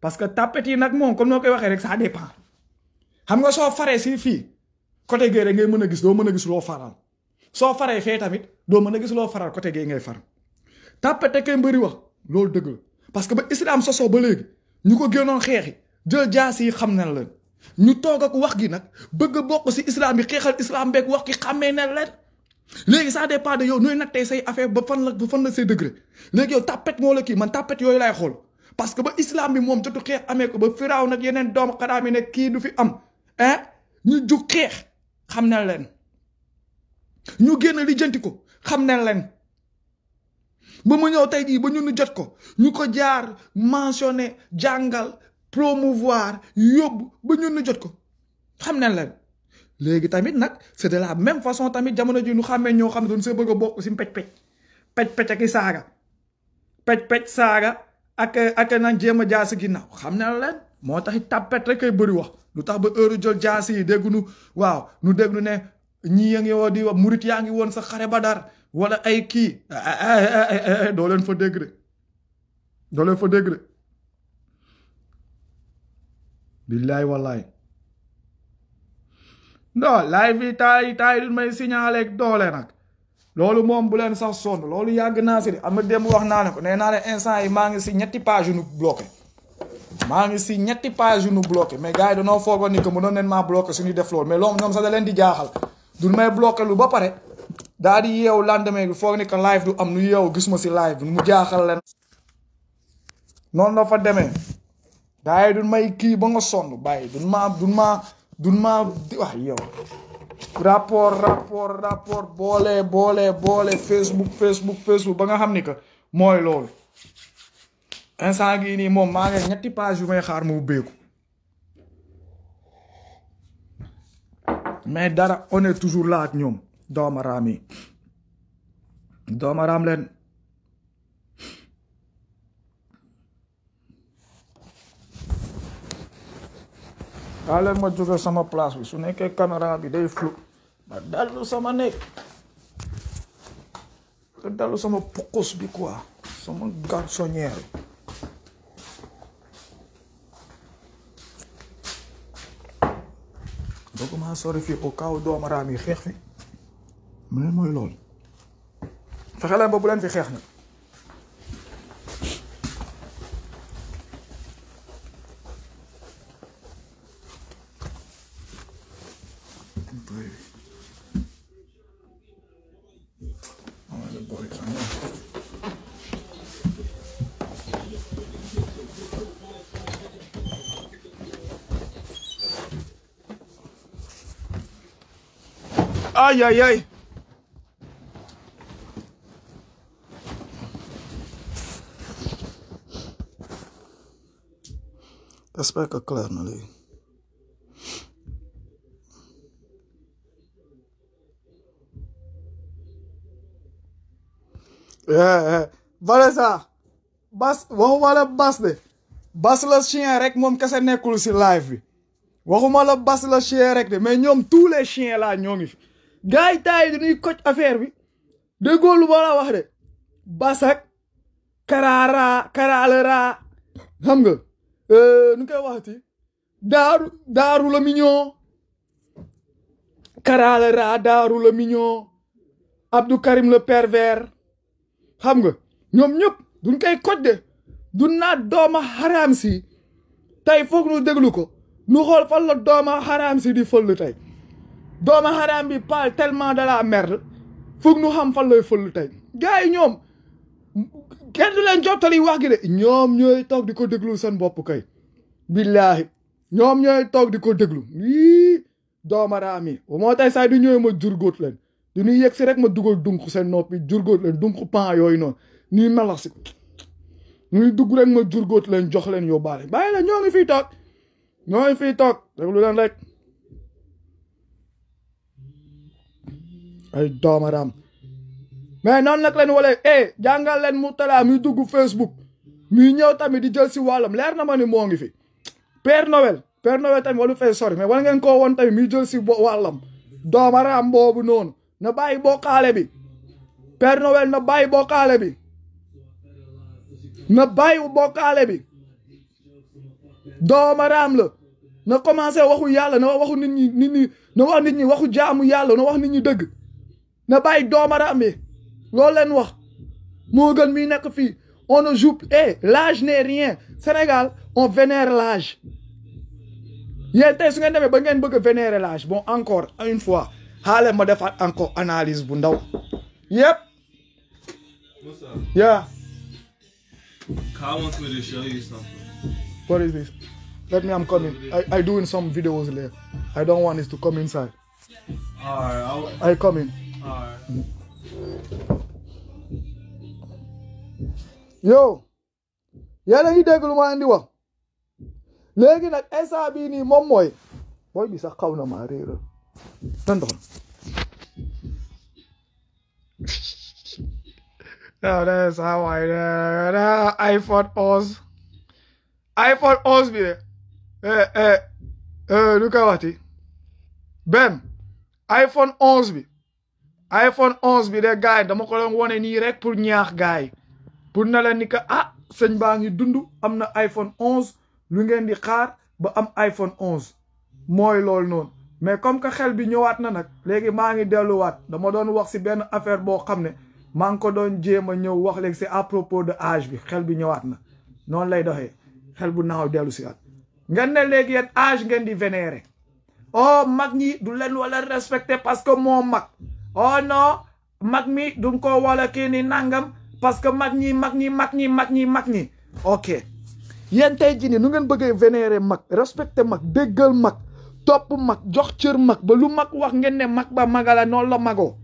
pas ke tapet ini nak moom kamu noo koy waxee rek ça pa ham nga so faree si fii côté gis doo mana gis lo faral soo faree fee tamit doo mën a gis loo faral côté gee ngay far tàppate kay mbëri wax loolu dëgg la parce que ba islam sosoo ba léegi ñu ko génnoon xeexi jël jaas yi xam nañ leen ñu toog ak wax gi nag bëgg a bokk si islam bi xeexal islam beeg wax ki xàmmee na leen léegi ça dépend de yow nooy nag tey say affaire ba fan la ba fan la say degré léegi yow tàppet moo la kii man tàppet yooyu laay xool parce que ba islam bi moom jotu xeex amee ko ba firaaw nag yeneen doomu xaraam yi ne kii du fi am ah ñu jug xeex xam na leen ñu génn li jënti xam ne leen ba mu ñëw tey jii ba ñu nu jot ko ñu ko jaar mentionné jàngal promouvoir yóbbu ba ñu nu jot ko xam ne leen léegi tamit nag c'est de la même façon tamit jamono ji ñu xàmmee ñoo xam ne doon see bëgg a bokk si mpec pec pec pec saaga pec pec ak ak nañ jéem a jaa si ginnaaw xam ne leen moo tax tàppet rek kay bëri wax lu tax ba heure jël jaas yi dégg nu waaw nu dégg nu ne ñii yaa ngi woo murit yaa ngi woon sa xare ba dar wala ay kii eh, eh, eh, doo leen fa dégg de doo leen fa dégg de billaay wallaay non laay fi taay taay du may signaler doole nag loolu moom bu leen sax son loolu yàgg naa si de am na démb wax naa ne ko nee naa ne instant yi maa ngi si ñetti page yu nu bloqué maa ngi si ñetti page yu nu bloqué mais gars yi danoo foogoon ni que mënoon nañ maa bloqué suñuy def loolu mais loolu ñoom sax leen di jaaxal du may bloqué lu ba pare daal di yeewu lendemain bi foo ni que live du am nu yeewu gis ma si live bi mu jaaxal leen. noonu la fa demee gars yi duñ may kii ba nga sonn bàyyi duñ maa duñ maa duñ maa ah, wax yow rapport rapport rapport boole boole boole Facebook Facebook Facebook ba nga xam ni que mooy loolu instant gii nii moom maa ngi ñetti page yu may xaar mu ubbeeku. mais dara on toujours laat ak ñoom doomaraam yi doomaraam leen daa leen ma jóge sama place bi su nekkee caméra bi day flou ma dallu sama nekk te dallu sama pukkus bi quoi sama garçonnière doo commencé sorifié au cas où doomu raam yi xeex fi mu ne mooy loolu fexe leen ba bu leen fi xeex nag Ai, ai, ai. Dat is ik klaar nu. Vanessa, bas, waxuma la bas de bas la chien rek moom kese nekkul si live bi waxuma la bas la chien rek de mais ñoom tous les chiens là ñoo fi gars yi taay dañuy koj affaire bi déggoo lu ma la wax de basak karaaraa karaalera xam nga euh, nu koy waxati daaru daaru la mignon karaalera daaru la mignon Abdou Karim le pervers xam nga ñoom ñëpp duñ koy koj de du naat dooma xaraam si tey foog nu déglu ko nu xool fan la dooma xaraam si di fëll tey doomu xaraam bi parle tellement de la merde foog nu xam fan lay fël tey gars yi ñoom kenn du jottali wax gi de ñoom ñooy toog di ko déglu seen boppu kay billaahi ñoom ñooy toog di ko déglu yii doomu xaraam yi moo tey saay du ñëwee ma jurgóot leen du ñuy yegg si rek ma dugal dunq seen noppi jurgóot leen dunq pan yooyu noonu nu melax si ñuy dugg rek ma jurgóot leen jox leen yóbbaale bàyyi la ñoo ngi fiy toog ñoo ngi fiy toog déglu leen rek ay doomaraam mais noonu nag leen wala eh mu leen Mourtalla muy dugg Facebook muy ñëw tamit di jël si wàllam leer na ma ni moo ngi fi Père Noël Père Noël tamit walu fee sori mais wala ngeen ko woon tamit muy jël si wàllam doomaraam boobu noonu na bàyyi kaale bi Père Noël na bàyyi bokkaale bi na bàyyi bokkaale bi doomaraam la na commencé waxu yàlla na waxu nit ñi nit ñi na wax nit ñi waxu jaamu yàlla na wax nit ñi dëgg na bàyyi doomaraam yi loolu leen wax moo gën muy nekk fii on ne joue eh l'âge n'est rien Sénégal on vénère l'âge yéen tey su ngeen demee ba ngeen bëgg a vénérer l'âge bon encore une fois xaale ma defaat encore analyse bu ndaw yëpp yeah Kyle wants me to show you something. What I, I doing some videos later. I don't want this to come inside. I come in. Yo, yéena ngi dégg lu ma andi wax léegi nag instant bii nii moom mooy booy bi sax xaw na maa réeral nan doxal waaw ne saa I ne iPhone 11 iPhone 11 bi eh eh eh lu koy waxti iPhone 11 bi iPhone 11 bi de gars yi dama ko doon wane nii rek pour ñaax gars yi pour na leen ni que ah sëñ baa ngi dund am na iPhone 11 lu ngeen di xaar ba am iPhone 11 mooy loolu noonu mais comme que xel bi ñëwaat na nag léegi maa ngi delluwaat dama doon wax si benn affaire boo xam ne maa ngi ko doon jéem a ñëw wax léegi c'est à propos de âge bi xel bi ñëwaat na noonu lay doxee xel bu naaw dellu si waat ngeen ne léegi yéen âge ngeen di vénérer oh mag ñi du leen wala respecté parce que moo mag. oh no, mag mi duñ ko wala kini ni nangam parce que mag ñi mag ñi mag ñi mag ñi mag ñi ok Yen tay jii nii nu ngeen mak, vénéré mag respecter mag déggal mag top mag jox cër mag ba lu mag wax ngeen ne mag ba magala non la mago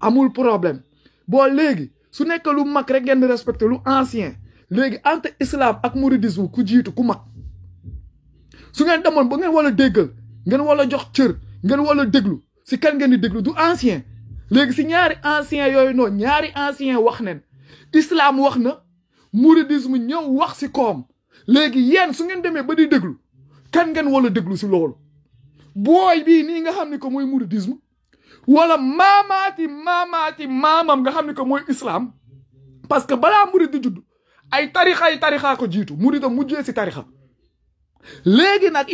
amul problème bo légui su nek lu mag rek ngeen respecté lu ancien légui entre islam ak mouridisme ku jitu ku mag su ngeen demone ba ngeen wala déggal ngeen wala jox cër ngeen wala déglu si kan ngeen di déglu du ancien lagi si ñaari anciens yooyu nyari ñaari waknen wax nen islam wax na mouridisme ñëw wax si koom léegi yéen su ngeen ba di kan ngeen wala deglu si loolu booy bii nii nga xam ni ko mooy mouridisme wala maamaati maamaati maamam nga xam ko mooy islam parce que murid di judd ay tarixa jitu muridam ko jiitu murid a mujjee si tarixa léegi nag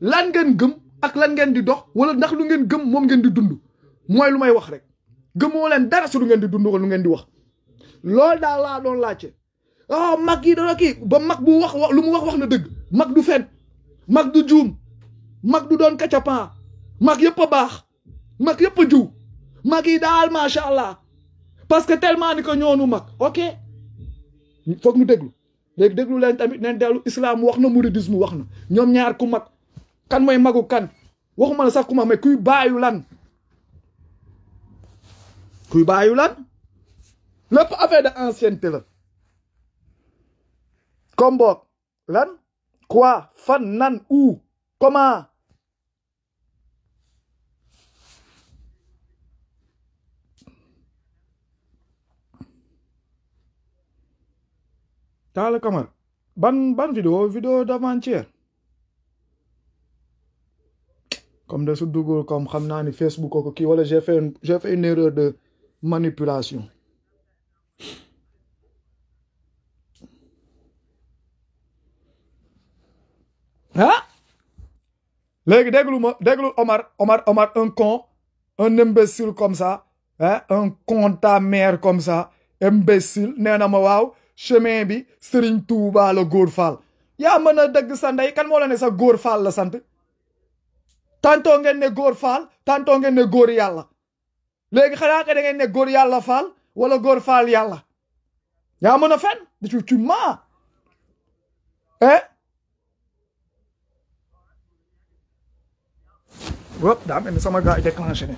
lan ngeen gëm ak lan ngeen di dox wala ndax lu ngeen gëm moom ngeen di moy lumay wax rek gëmoo len dara su ngeen di dundu lu ngeen di wax da la don la ci oh mag yi dana kii ba mag bu wax lu mu wax wax na deug mag du fen mag du juum mag du don kacapan mag yepp a baax mag yepp ju mag yi ma sha allah parce que tellement ni ko ñonu mag ok fokk ñu deglu léegi deglu len tamit nen delu islam wax na mouridisme wax na ñoom ñaar ku mag kan moy magu kan waxuma la sax ku mag kuy bayu lan kuy bàyyu lan lépp affaire de ancienneté la comme boog lan quoi fan nan où comment Talla Camara ban ban vidéo vidéo davant comme de su comme xam naa ni Facebook ko kii wala j'ai une erreur de manipulation. Hein Déglou Omar Omar Omar un con un imbécile comme ça hein? un mère comme ça imbécile nena waouh, ma chemin bi string Touba le gourfal. Y'a yaa mën a kan la sa la sante? tantôt ne léegi xanaa da ngeen ne góor yàlla faal wala góor faal yàlla yaa mën a fen tu tu mens eh wop daa mel ni sama gars yi déclenché ne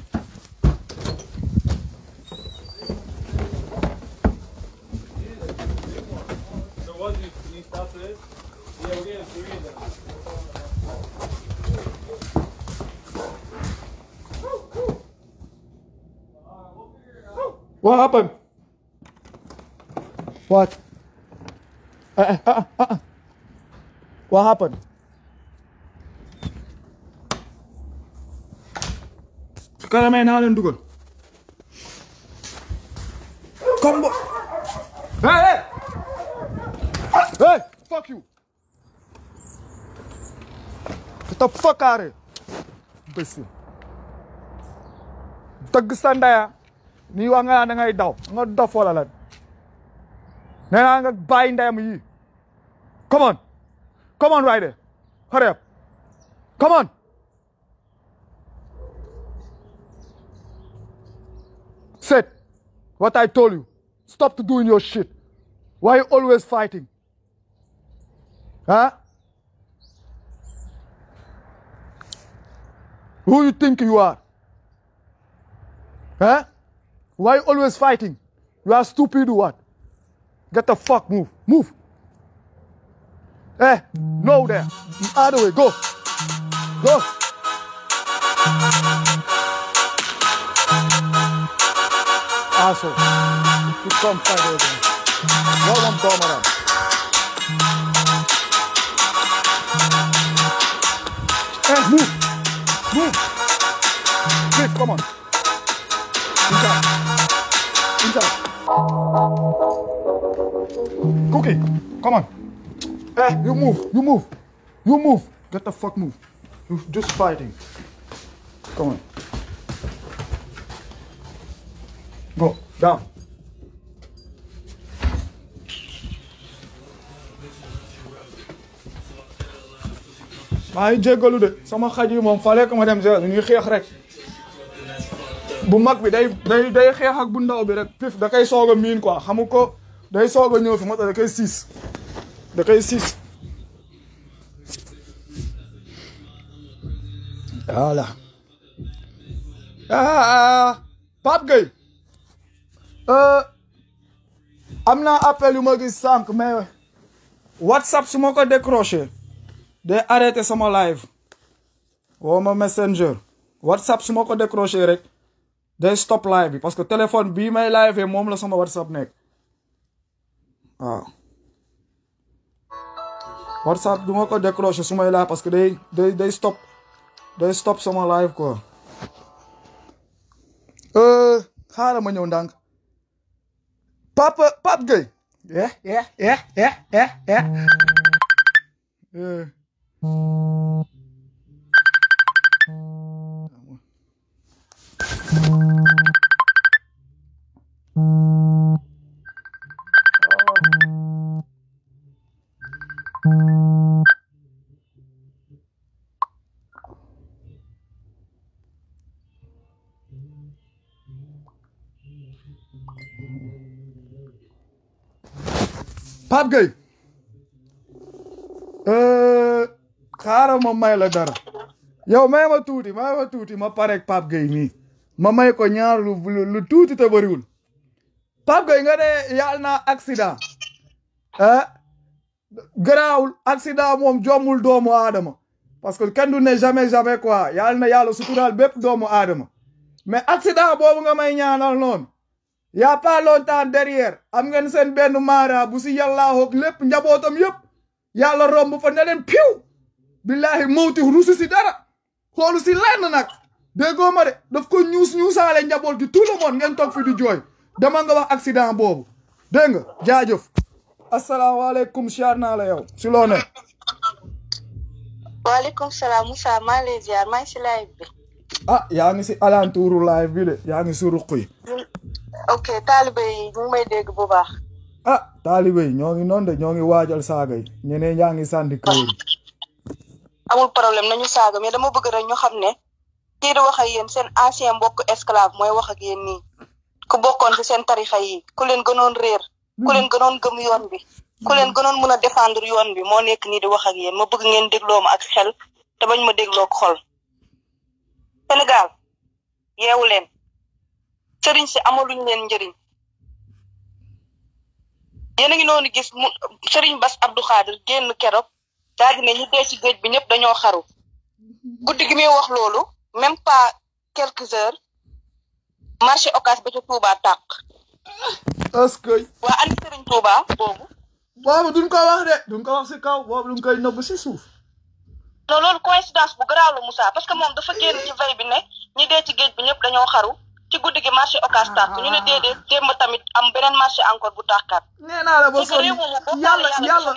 Thank you. What happened? What? Uh, uh, uh, uh, uh. what happened? Karamen halen Come on. Hey! Hey! Fuck you! Get the fuck out of here! Imbecile. Dagstandaya niwa nga da ngay daw nga dof wala lan nee naa nga bàyyi ndeyam yi come on come on rider. hurry up come on said what I told you stop doing your shit why you always fighting huh who you think you are huh why you always fighting? You are stupid or what? Get the fuck move. Move. Eh, no there. Other way. Go. Go. Asshole. Ah, you come fight with me. No one bomb around. Eh, move. Move. Please, come on. Good job inside. Cookie, come on. Eh, you move, you move, you move. Get the fuck move. You're just fighting. Come on. Go, down. Maar hij Jay Golude, sommige gaat je man vallen, maar hem zeggen, nu geef rechts. bu mag bi day day day xeex ak bu ndaw bi rek pif da koy soog miin quoi xamu ko day soog a ñëw fi moo tax da koy siis da koy siis voilà ah, Pape Gueye euh, am naa appel yu ma gis sànq mais whatsapp su ma ko décroché day arrêté sama live woo ma messenger whatsapp su ma ko décroché rek then stop live parce que téléphone bi may live et mom la sama whatsapp nek. Ah. whatsapp du ma ko décroché su live parce que they day stop day stop sama live quoi euh, xaaral ma ñëw ndànk Papa Pape Eh, yeah yeah yeah yeah yeah Pape Gueye euh, xaaral ma may la dara yow may ma tuuti ma tuuti ma pareeg Pape Gueye mii ma may ko ñaar lu lu tuuti te bëriwul Pape Gueye nga ne yàlla naa accident ah garaawul accident moom jommul doomu aadama parce que kenn du ne jamais jamais quoi yàlla na yàlla suturaal bépp doomu aadama mais accident boobu nga may ñaanal noonu y a pas longtemps am ngeen seen benn maara bu si yàllaahoog lépp njabootam yëpp yàlla romb fa ne leen piw billaahi mawti rusu si dara xoolu si lenn nag déggoo ma de daf ko ñuus ñuusaale njaboot gi tout le monde ngeen toog fi di jooy dama nga wax accident boobu dégg nga jaajëf asalaamaaleykum siyaar naa la yow si loo ne waaleykum salaam Moussa maa ngi maa ngi si live bi ah yaa ngi si alentour live bi de yaa ngi si ruq ok taalibe yi ñu may dégg bu baax. ah taalibe yi ñoo ngi noonu de ñoo ngi waajal saaga yi ñeneen ñaa ngi sànni kër amul problème nañu saaga mais dama bëgg rek ñu xam ne kii di wax ak yéen seen ancien mbokk esclave mooy wax ak yéen nii ku bokkoon ci seen tarixa yi ku leen gënoon réer ku leen gënoon gëm yoon bi ku leen gënoon mën a défendre yoon bi moo nekk nii di wax ak yéen ma bëgg ngeen dégloo ma ak xel te bañ ma dégloo xol Sénégal yeewu leen sëriñ si amaluñ leen njëriñ yéen a ngi noonu gis mu sëriñ Bass Abdou Khadir génn keroog daal di ne ñu dee ci géej bi ñëpp dañoo xaru guddi gi muy wax loolu même pas quelques heures marché Ocass ba ca Touba tàq. est-ce que. waa ani sëriñ Touba boobu. boobu duñ ko wax de duñ ko wax si kaw boobu duñ koy nëbb si suuf. non loolu coïncidence bu garaaw la Moussa parce que moom dafa génn ci veille bi ne ñi dee ci géej bi ñëpp dañoo xaru. ci guddi marché Ocass tàkk ñu ne dédé démb tamit am benen marché encore bu takkat nee naa la ba sonn yàlla yàlla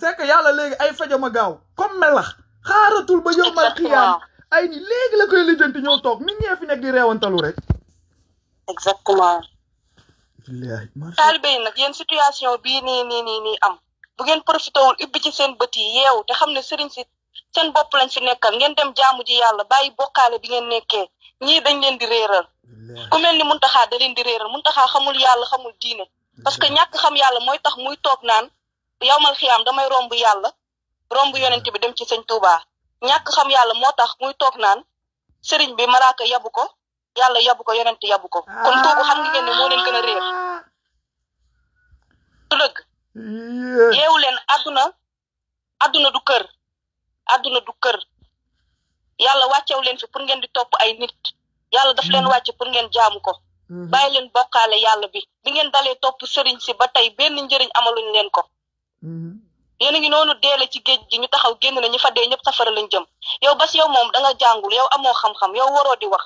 c'est que yàlla léegi ay ma gaaw comme melax xaaratul ba ma xiyaam ay ni léegi la koy lijjanti ñëw toog nit ñee fi nekk di reewantalu rek. exactement. taalibe yi nag yéen situation bii nii nii nii nii am bu ngeen profité wul ubbi ci seen bët yi yeew te xam ne sëriñ si seen bopp lañ fi nekkal ngeen dem jaamu ji yàlla bàyyi bokkaale bi ngeen nekkee. ñii dañ leen di réeral ku mel ni Muntaxa da leen di réeral Muntaxa xamul yàlla xamul diine parce que ñàkk xam yàlla mooy tax muy toog naan yawmal xiyaam may romb yàlla romb yonent bi dem ci sëñ Tuuba ñàkk xam yàlla moo tax muy toog naan sëriñ bi malaaka yabu ko yàlla yabu ko yonent yabu ko kon kooku xam ngeen ne moo leen gën a réer su dëgg yeewu leen àdduna àdduna du kër àdduna du kër yalla waccew len fi pour ngeen di top ay nit yalla daf len hmm. wacc pour ngeen jaamu ko hmm. bay len bokale yalla bi bi ngeen dalé top serign ci ba tay ben njeriñ amaluñ len ko hmm. yéen ngi nonu délé ci géej gi ñu taxaw genn na ñu fa dé ñep safara lañ jëm yow bas yow mom da nga jangul yow amo xam-xam yow waro di wax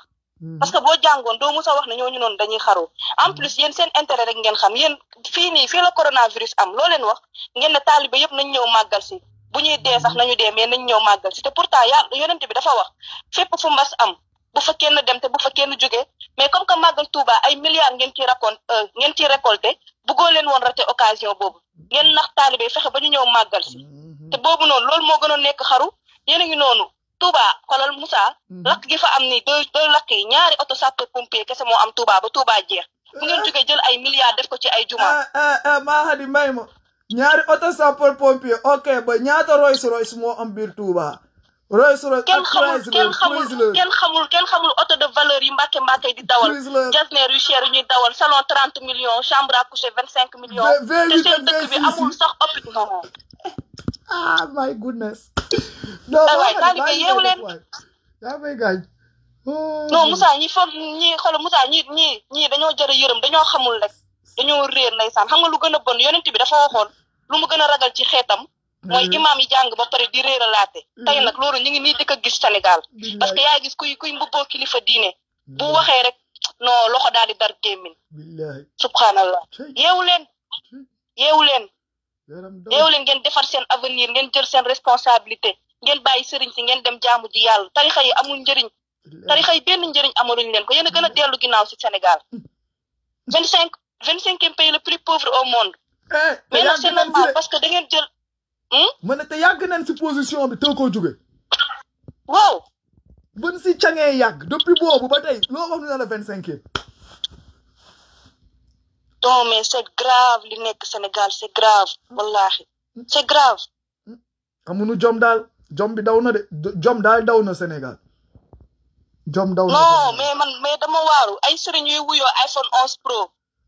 parce que bo jangone do musa wax ñoo ñu non dañuy xaru en plus yen seen intérêt rek ngeen xam yeen fi ni fi la coronavirus am lo leen wax ngeen na talibé yëpp nañ ñew magal si bu ñuy dee sax nañu dee mais nañ ñëw màggal si te pourtant yàlla yonent bi dafa wax fépp fu mbas am bu fa kenn dem te bu fa kenn jóge mais comme que màggal Touba ay milliards ngeen ciy racon euh, ngeen ciy récolté buggoo leen woon raté occasion boobu ngeen nax taalibe fexe ba ñu ñëw màggal si mm-hmm. te boobu noonu loolu moo gënoon nekk xaru yéen a ngi noonu Touba xolal Moussa mm-hmm. lakk gi fa am ni doy doy lakk yi ñaari oto sapeur pompier kese moo am Touba ba Touba jeex bu ngeen jógee jël ay milliards def ko ci ay juma. ah ah ah maa xam may ma ñaari oto sapeur pompier ok ba ñaata Rolls Royce moo am biir Touba. Rolls Royce ak Chrysler kenn xamul kenn xamul kenn de valeur yi mbake mbàkke di dawal. jasneer yu cher ñuy dawal salon trente millions chambre à coucher vingt cinq millions. te seen dëkk bi amul sax opi non. [LAUGHS] ah my goodness. [LAUGHS] non waay taalibe yeewu oh, ñi foog ñi xool Moussa ñi ñi ñi dañoo jëre yërëm dañoo xamul rek. dañoo réer ndeysaan xam nga lu gën a bon yonent bi dafa waxoon lu mu gën a ragal ci xeetam mooy mm-hmm. imaam yi jàng ba pare di réeralaate mm-hmm. tey nag loolu ñu ngi nii dëkk a gis Sénégal parce que yaa gis kuy kuy mbubboo kilifa diine bu mm-hmm. waxee rek noo loxo daal di dar gémmiñ subhanallah yeewu leen yeewu leen yeewu leen ngeen defar seen avenir ngeen jël seen responsabilité ngeen bàyyi sëriñ si ngeen dem jaamu ji yàlla tarixa yi amul njëriñ tarixa yi benn njëriñ amaluñ leen ko yéen a gën a dellu ginnaaw si Sénégal vingt cinquième pays le plus pauvre au monde. Eh, mais nag c'est normal parce que da ngeen jël. Hmm? te yàgg nañ si position bi te koo jóge. waaw. buñ si cañee yàgg depuis boobu ba tey loo wax ne la vingt cinquième. non mais c'est grave li nekk Sénégal c'est grave wallahi c'est grave. amuñu jom daal jom bi daw na de jom daal daw na Sénégal. jom daw non mais man mais dama waaru ay sëriñ yuy wuyoo iPhone 11 Pro.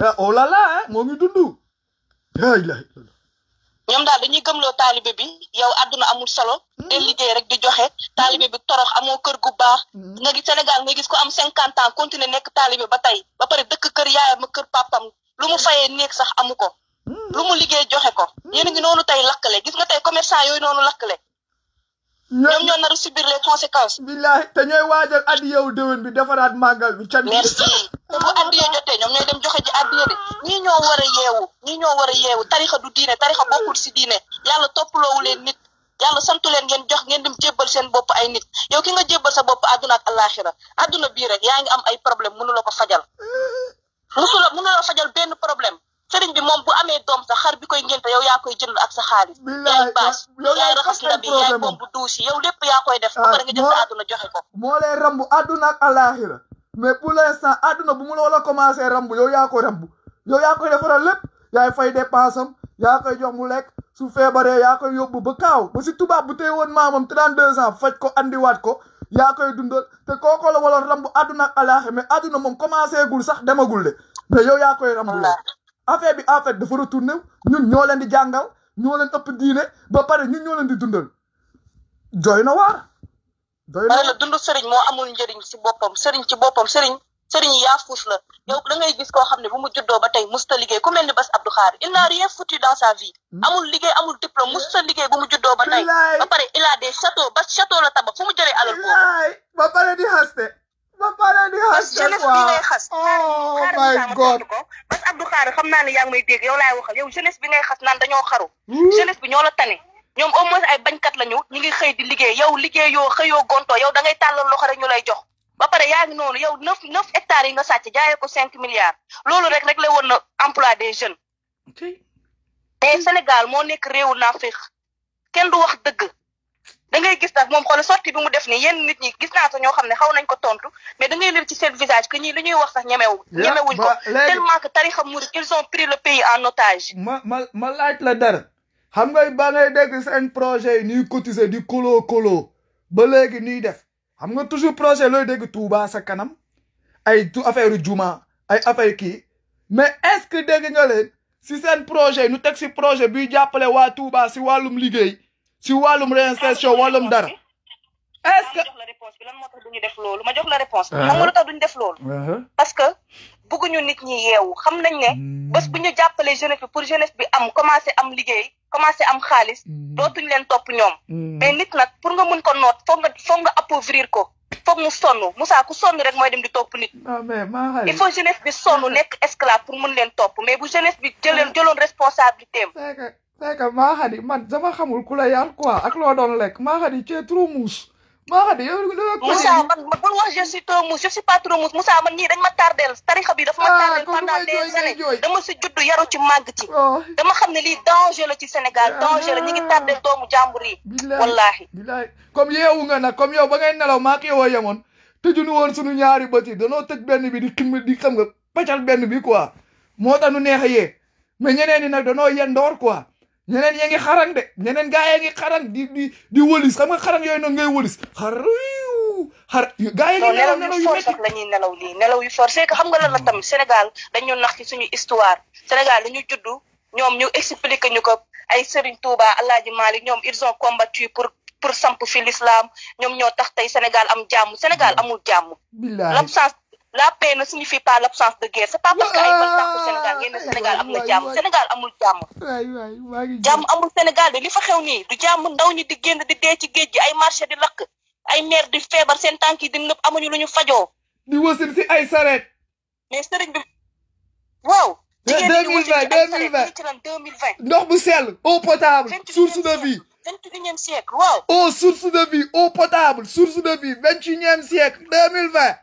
Eh, oh là là ah moo ñoom daal dañuy gëmloo taalibe bi yow àdduna amul solo. Hmm. de liggéey rek di joxe. taalibe bi torox amoo kër gu baax. Hmm. nga gis Sénégal nga gis ko am cinquante ans continuer nekk taalibe ba tey ba pare dëkk kër yaayam ak kër papam lu mu fayee néeg sax amu ko. Hmm. lu mu liggéey joxe ko. yéen a ngi noonu tey lakkale gis nga tey commerçant yooyu noonu lakkale. ñoom ñoo nar subir les conséquences. billahi te ñooy waajal addiyeewu déwén bi defaraat màggal bi. can merci te bu addiyee jotee ñoom ñooy dem joxe ji addiye bi ñii ñoo war a yeewu ñii ñoo war a yeewu tarixa du diine tarixa bokkul si diine yàlla toppaloowu leen nit yàlla santu leen ngeen jox ngeen dem jébbal seen bopp ay nit yow ki nga jébbal sa bopp àdduna ak àllaaxira àdduna bii rek yaa ngi am ay problème mënu la ko fajal mënu la mënu la fajal benn problème. serigne bi mom bu amé dom sax xar bi koy ngénte yow ya koy jënd ak sa xaalis yaay baas yaay raxas na bi yaay bu douci yow lepp ya koy def ba ah, nga jël aduna joxe ko mo lay rambu aduna ak alakhirah mais pour l'instant aduna bu mu la wala rambu yow ya koy rambu yow ya koy defal lepp yaay fay dépense ya koy jox mu lek su febaré ya koy yobbu ba kaw ba ci tuba bu tey woon maamam 32 ans fajj ko wat ko ya koy dundal te koko la wala rambu aduna ak alakhirah mais aduna mom commencé gul sax demagul de mais yow ya koy rambu affaire bi en fait dafa retourné ñun ñoo leen di jàngal ñoo leen ëpp diine ba pare ñun ñoo leen di dundal jooy na waar. jooy na la dund sëriñ moo amul njëriñ si boppam sëriñ ci boppam sëriñ sëriñ yaafuus la yow da ngay gis koo xam ne bu mu juddoo ba tey musta liggéey ku mel ni Bass Abdou Khadre il n'a rien foutu dans sa vie. Hmm? amul liggéey amul diplôme musta liggéey bu mu juddoo ba tey. ba pare il a des châteaux ba château la tabax fu mu jëlee alal boobu. ba pare di haste. ba xas jeunesse bi ngay xas. oh my god parce que Abdou Khare xam naa ne yaa ngi may dégg yow laay waxal yow jeunesse bi ngay xas naan dañoo xaru. Hmm? jeunesse bi ñoo la tane. ñoom au moins ay bañkat lañu ñu ngi xëy di liggéey yow liggéeyoo xëyoo gontoo yow da ngay tàllal loxo rek ñu lay jox. ba pare yaa ngi noonu yow neuf neuf hectares yi nga sàcc jaayee ko cinq milliards loolu rek rek la woon na emploi des jeunes. mais Sénégal moo nekk réewu naafeq kenn du wax dëgg. da ngay gis nag moom xool sorti bi mu def ni yenn nit ñi gis naa sa ñoo xam ne xaw nañ ko tontu mais da ngay lire ci seen visage que ñii lu ñuy wax sax ñemewu ñemewuñ ko tellement que tarixa murid ils ont pris le pays en otage ma ma ma laaj la dara xam nga ba ngay dégg seen projet yi ñuy cotiser di koloo koloo ba léegi ñuy def xam nga toujours projet looy dégg Touba sa kanam ay tu affaire juma ay affaire kii mais est-ce que dégg nga leen si seen projet yi ñu teg si projet bi jàppale waa Touba si wàllum liggéey si wàllum réinsertion ah, wàllum dara. est-ce que ah, ma jox la réponse bi lan moo tax duñu def loolu ma jox la réponse. xam ah. uh-huh. parce que bëgguñu nit ñi yeewu xam nañ ne. Hmm. bés bu ñu jàppalee jeunesse bi pour jeunesse bi am commencé am liggéey. commencé am xaalis hmm. dootuñ leen topp ñoom. Hmm. mais nit nag pour nga mun ko noot foog nga foog nga appauvrir ko. foog mu sonn Moussa ku sonn rek mooy dem di top nit. il faut jeunesse bi sonn nekk esclave pour mun leen topp mais bu jeunesse bi jëleen jëloon responsabilité am. c'est que Mahady man dama xamul ku la yar quoi ak loo doon lekk Mahady tu es trop mousse. Mahady yow li nga. Moussa man bul wax je suis trop mousse je man nii dañ ma tardel tarixa bi dafa ma ah, tardel pendant des années dama si juddu yaru ci Sénégal oh. danger la ah. ngi tardel doomu jàmbur yi. wallaahi billaahi comme yeewu nga nag comme yow ba ngay nelaw maa ngi a yemoon tëjuñu woon suñu ñaari bët yi danoo tëj benn bi di xim di xam nga pàccal benn bi quoi moo tax nu neex a yee mais ñeneen ñi nag danoo quoi. ñeneen ya ngi xarang de ñeneen gaa ya ngi xarang di di di wëlis xam nga xarang yooyu noonu ngay wëlis xar xar gaa ya ngi nelaw nelaw yu la ñuy nelaw lii nelaw yu forcé que xam nga lan la tam Sénégal dañu nax ci suñu histoire Sénégal li ñu judd ñoom ñu expliqué ñu ko ay Serigne Touba Alaaji Malick ñoom ils ont combattu pour pour samp fi l'islam ñoom ñoo tax tey Sénégal am jàmm Sénégal mm. amul jàmm l'absence la paix ne signifie pas l'absence de guerre c'est pas parce que ah, ay bal tàkku am na jàmm Sénégal amul jàmm jàmm amul Sénégal de li fa xew nii du jàmm ndaw ñi di génn di dee ci géej gi ay marché di lakk ay maire di feebar seen tànk yi di nëb amuñu lu ñu fajo di wasin si ay sareet mais sëriñ bi waaw jigéen ñi di wasin si ay sareet ci deux mille vingt ndox bu sell eau potable source de vie vingt et unième siècle waaw eau source de vie eau potable source de vie vingt unième siècle deux mille vingt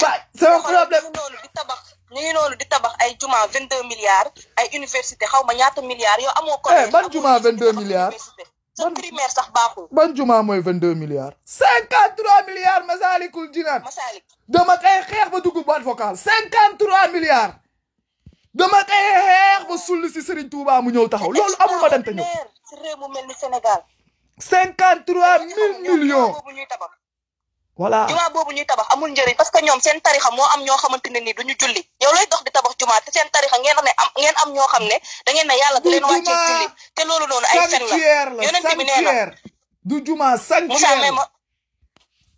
waaw sama problème noonu di tabax ñu ngi noonu di tabax ay juma 22 milliards ay université xaw ma ñaata milliards yow amoo. collège eh, ban juma 22 milliards. sax baaxul. ban juma mooy 22 milliards. 53 milliards Masaalikul Jinaan. Masaalik dama kay xeex ba dugg boîte vocale 53 milliards. dama kay xeex ba sulli si Serigne Touba mu ñëw taxaw loolu amul ma dem te ñëw. ci réew mu voilà jumaa boobu ñuy tabax amul njëriñ parce que ñoom seen tarixa moo am ñoo xamante ne ni duñu julli yow lay dox di tabax jumaa te seen tarixa ngeen ne am ngeen am ñoo xam ne da ngeen ne yàlla da leen wàccee julli te loolu noonu ay fen la yonent bi nee na du jumaa sanctuaire Moussa même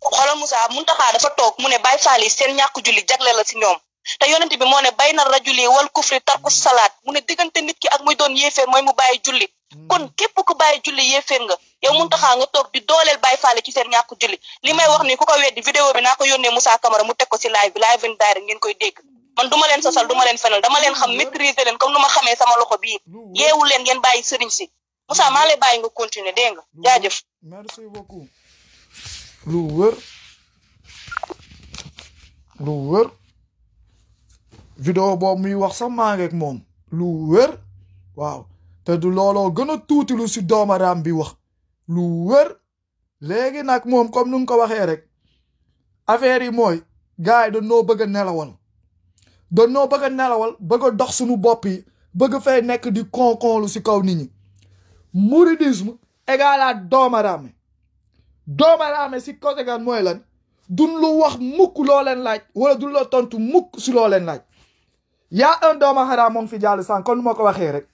xoolal Moussa Muntaxa dafa toog mu ne Baay Faal seen ñàkk julli jagle la si ñoom te yonent bi moo ne bay na rajuli wal kufri tarku salaat mu ne diggante nit ki ak muy doon yéefeer mooy mu bàyyi julli Hmm. kon képp ku bàyyi julli yéeféer nga yow hmm. mun taxaa nga toog di dooleel bàyyi faale ci seen ñàkk julli li may wax nii ku ko weddi vidéo bi naa ko yónnee Moussa Camara mu teg ko si live bi live bi daay rek koy dég man duma leen sosal duma leen fenal dama leen xam hmm. maîtriser leen comme nu ma xamee sama loxo bii yeewu leen ngeen bàyyi sëriñ si Moussa maa lay bàyyi nga continuer dégg nga jaajëf merci beaucoup lu wër lu wër vidéo boobu muy wax sax maa ngeeg moom lu wër te du looloo gën a tuuti lu si doomaraam bi wax lu wër léegi nag moom comme nu nga ko waxee rek affaire yi mooy gars yi dañoo bëgg a nelawal dañoo bëgg a nelawal bëgg a dox suñu bopp yi bëgg fay nekk di konkonlu si kaw nit ñi mouridisme égal à doomaraame doomaraame si côté gan mooy lan duñ lu wax mukk loo leen laaj wala duñ la tontu mukk si loo leen laaj yaa un dooma moom fi jàll sànq kon nu ma ko waxee rek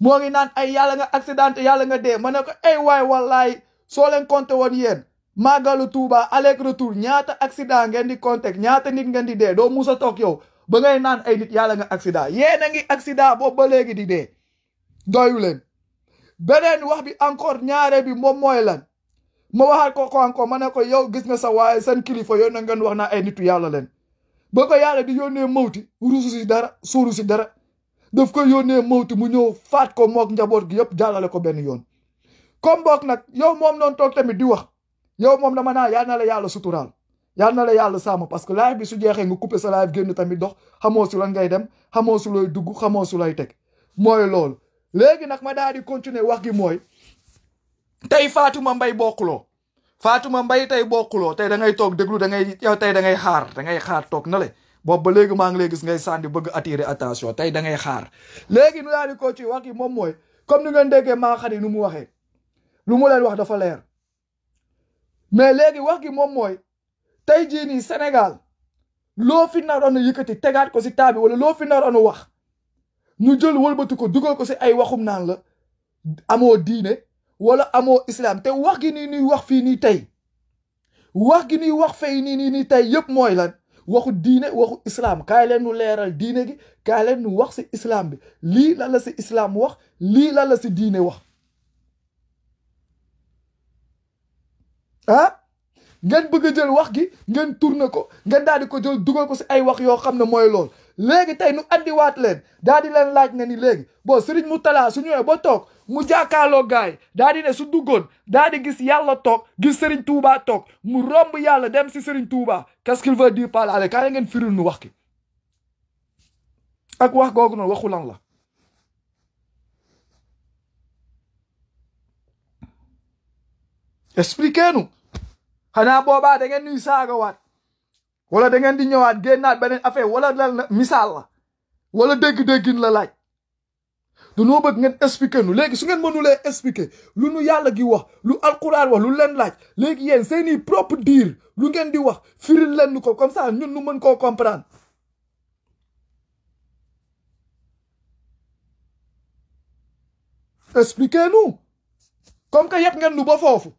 moo ngi naan ay yàlla nga accidenté yàlla nga dee ma ne ko ay waay wallaay soo leen compté woon yéen màggalu Tuuba aller retour ñaata accident ngeen di compté ñaata nit ngeen di dee doo musa toog yow ba ngay naan ay nit yàlla nga accident yéen a ngi accident boobu ba léegi di dee doyu leen beneen wax bi encore ñaare bi moom mooy lan ma waxaat ko ko encore ma ne ko yow gis nga sa waaye seen kilifa yoon na ngeen wax naa ay nitu yàlla leen ba ko yàlla di yónnee mawti ruusu dara suuru si dara daf ko yónnee mawti mu ñëw faat ko mook njaboot gi yëpp jàllale ko benn yoon comme boog nag yow moom noonu toog tamit di wax yow moom ma naa yal na la yàlla suturaal yal na la yàlla sàmm parce que live bi su jeexee nga coupé sa live génn tamit dox xamoo su lan ngay dem xamoo su lay dugg xamoo su lay teg mooy loolu léegi nag ma daal di continuer wax gi mooy tey Faatuma Mbay bokkuloo Faatuma Mbay tey bokkuloo tey da ngay toog déglu da ngay yow tey da ngay xaar da ngay toog na le boobu ba léegi maa ngi lay gis ngay sànni bëgg attirer attention tey da ngay xaar léegi nu daal di ko ci wax gi moom mooy comme ni ngeen déggee maa xari nu mu waxee lu mu leen wax dafa leer mais léegi wax gi moom mooy tey jii nii Sénégal loo fi naroon a yëkkati tegaat ko si taabi wala loo fi naroon wax ñu jël wëlbatu ko dugal ko si ay waxum naan la amoo diine wala amoo islam te wax gi nii nuy wax fii nii tey wax gi nuy wax fay nii nii nii tey yëpp mooy lan waxu diine waxu islam kaay leen nu leeral diine gi kaay leen nu wax si islam bi lii lan si islam wax lii lan la si diine wax ah ngeen bëgg a jël wax gi ngeen tourné ko ngeen daal ko jël dugal ko si ay wax yoo xam ne mooy lool léegi tey nu andiwaat leen daal leen laaj ne ni léegi bo bon Serigne talaa su ñëwee ba toog mu jàkkaarloo gaay daa di ne su duggoon daa di gis yàlla toog gis Serigne Touba toog mu romb yàlla dem si Serigne Touba qu'est-ce qu'il veut dire par là allez ngeen firil nu wax ki ak wax googu noonu waxu lan la. expliquez nu xanaa boobaa da ngeen nuy saagawaat wala da ngeen di ñëwaat génnaat beneen affaire wala lan la misaal la wala dégg-déggin la laaj. dañoo bëgg ngeen expliquer nous léegi su ngeen mënulee expliquer lu nu yàlla gi wax lu alquran wax lu leen laaj gens c'est ni propre dire lu ngeen di wax firil leen ko comme ça nous nu mën comprendre expliquez nous comme que yëpp ngeen nu ba foofu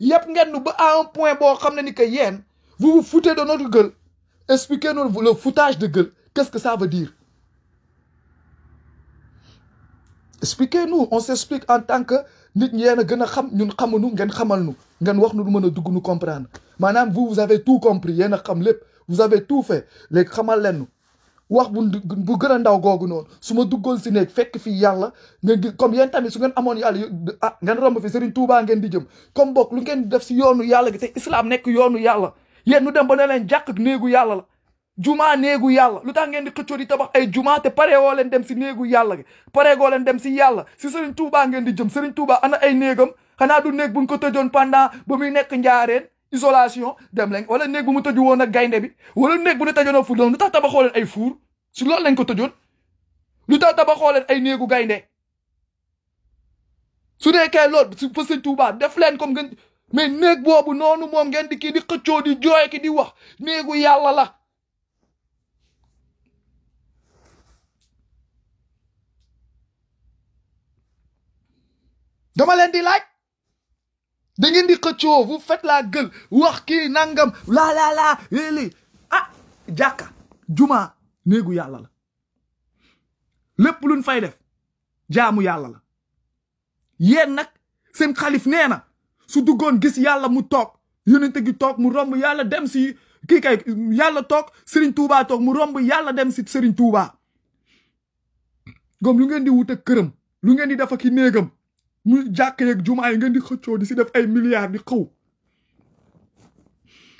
yëpp ngeen nu ba à un point bon xam ne ni que vous vous foutez de notre gueule expliquez nous le foutage de gueule qu'est-ce que ça veut dire expliquez-nous on s'explique en tant que nit ñi yéen a gën a xam ñun xamuñu ngeen xamal nu ngeen du mën a dugg comprendre maanaam vous vous avez tout compris yéen a xam lépp vous avez tout fait léegi xamal leen wax bu bu gën a ndaw googu noonu su ma duggoon si néeg fekk fii yàlla ngeen gis comme yéen tamit su ngeen amoon yàlla ah ngeen romb fi Serigne Touba ngeen di jëm comme bokk lu ngeen def si yoonu yàlla gi te islam nekk yoonu yalla. yéen nu dem ba ne leen jàkk néegu la. jumaa néegu yàlla lu tax ngeen di xëccoo di tabax ay juma te pare woo leen dem si néegu yàlla gi pare goo leen dem si yàlla si Serigne Touba ngeen di jëm Serigne Touba ana ay néegam xanaa du néeg buñ ko tëjoon pendant ba muy nekk njaareen isolation dem leen wala néeg bu mu tëju woon ak gaynde bi wala néeg bu ne tëjoon ak fu lu tax tabaxoo leen ay fuur si loolu lañ ko tëjoon lu tax tabaxoo leen ay néegu gaynde su nekkee loolu si fa Serigne Touba def leen comme ngeen mais néeg boobu noonu moom ngeen di kii di xëccoo di jooy ki di wax néegu yàlla la dama leen di laaj da di xëccoo vous faites la gueule wax ki nangam la la la lii ah jàkka jumaa néegu yàlla la lépp luñ fay def jaamu yàlla la yéen nag seen xalif nee na su duggoon gis yàlla mu toog yu yonente gi toog mu romb yàlla dem si kii kay yàlla toog Serigne Touba toog mu romb yàlla dem si Serigne Touba. gom lu ngeen di wut ak këram lu ngeen di def ak i néegam mu jàkk yeeg jumaa yi ngeen di xëccoo di si def ay milliards di xaw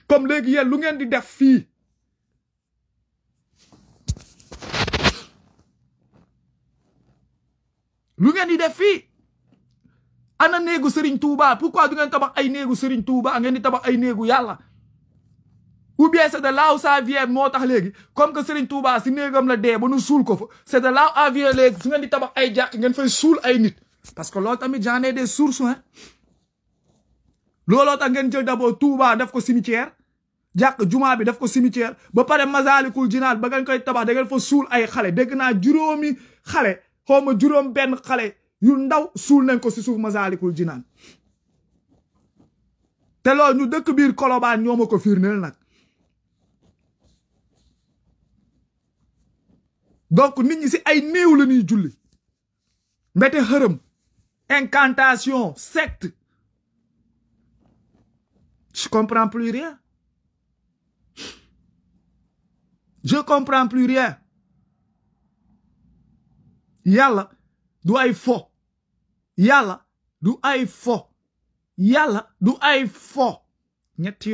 comme léegi yéen lu ngeen di def fii lu ngeen di def fii ana néegu Serigne Touba pourquoi du ngeen tabax ay néegu Serigne Touba ngeen di tabax ay néegu yàlla ou bien c'est de là où moo tax léegi comme que Serigne Touba si néegam la dee ba nu suul ko fa c'est de là où ça su ngeen di tabax ay jàkk ngeen fay suul ay nit parce que loolu tamit j'en ai des sources hein looloo tax ngeen jël d'abord Touba def ko cimetière jàkk jumaa bi def ko cimetière ba pare Masaalikul Jinaan ba ngeen koy tabax da ngeen suul ay xale dégg naa juróomi xale xaw ma juróom benn xale yu ndaw suul nañ ko si suuf Masaalikul Jinaan te loolu ñu dëkk biir Colobane ñoo ma ko firndeel nag donc ni ñi si ay néew la ñuy julli mbete xërëm incantation, secte. Je comprends plus rien. Je comprends plus rien. Yalla, du ay Yala, Yalla, du ay Yala, Yalla, du ay fo. ñetti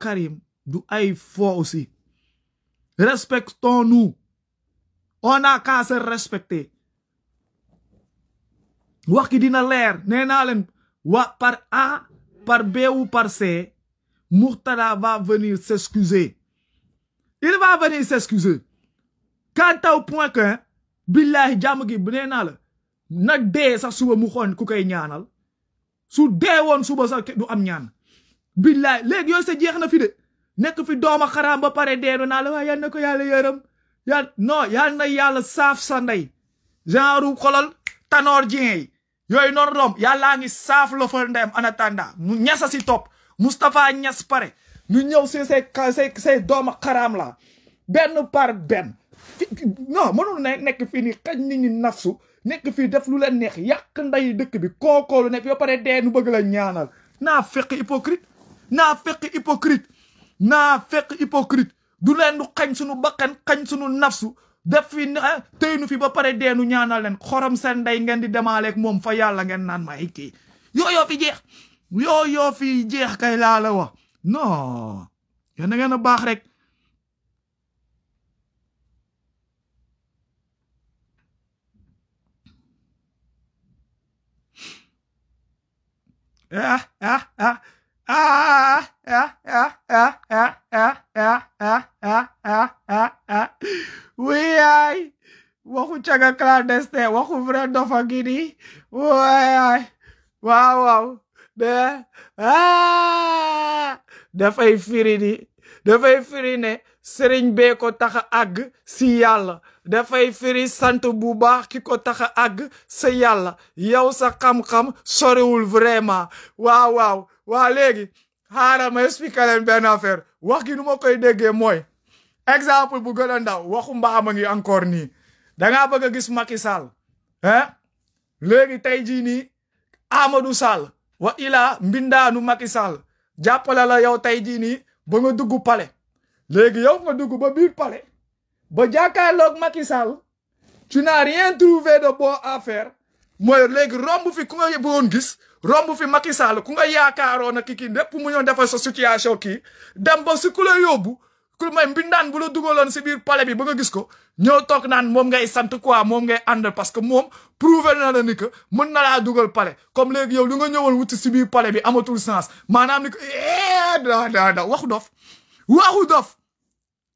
karim du ay aussi respectons-nous on a qu'à se respecter wax ki dina leer nee naa leen waa par A par B ou par C Murtada va venir s'excuser il va venir s'excuser quant au point que billahi jàmm gi nee naa la na dee sax suba mu xoon ku koy ñaanal su dee woon suba sax du am ñaan billahi léegi yooyu sa jeex na fi de nekk fi dooma xaraam ba pare deenu naa la wa yal na ko yàlla yërëm yal non yal na yàlla saaf sa ndey genre xolal tanoor jien yi yooyu noonu rom yàllaa ngi saaf la fa ndeyam en attendant mu ñasa si topp Moustapha ñas pare ñu ñëw si say say say dooma xaraam la benn par benn non mënul ne nekk fii ni kañ nit ñi nafsu nekk fii def lu leen neex yàq nday dëkk bi kookoolu ne ba pare dee nu bëgg la ñaanal naa fekk hypocrite naa fekk hypocrite naa fekk hypocrite du leen du xañ suñu bakkan kañ suñu nafsu def fi eh, teynu fi ba pare denu ñaanal len xorom sen ngeen di ak mom fa yalla ngeen naan ma hikki yo yo fi jeex yo fi jeex kay la la wax no ya na ngeen baax rek ah ah ah Ah, [LAUGHS] ja, ja, ja, ja, ja, ja, ja, ja, ja, ja, ja. Wiyai. Waxu caga clandestin, waxu vrai dofa gini. Wiyai. Waaw, waaw. De, ah. Dafay firi ni. Dafay firi ne. sering be ko taxa ag si yalla. dafay firi sant bu baax ki ko tax a àgg sa yàlla yow sa xam-xam soriwul vraiment waaw waaw wa léegi hara ma expliquer leen benn affaire wax gi numa koy dege moy exemple bu gëna ndaw waxu mbaam ma ngi encore da nga bëgg gis Macky Sall hein legi tay ji ni Amadou Sall wa ila mbindanu Macky Sall jappala la yow tay ji ni ba nga dugg palais legi yow nga dugg ba bir palais ba jàkkaarloog Macky Sall tu n'as rien trouvé de bon à faire mooy léegi fi gis romb fi Macky Sall ku nga yaakaaroon ak kii lépp mu ñëw defal sa situation kii dem ba si ku la yóbbu ku may mbindaan bu la dugaloon si biir palais bi ba nga gis ko ñëw toog naan moom ngay sant quoi moom ngay àndal parce que moom prouver na a ni que mën na dugal palais comme léegi yow li nga ñëwoon wuti si biir palais bi amatul sens maanaam ni ko eh, da da da waxu dof waxu dof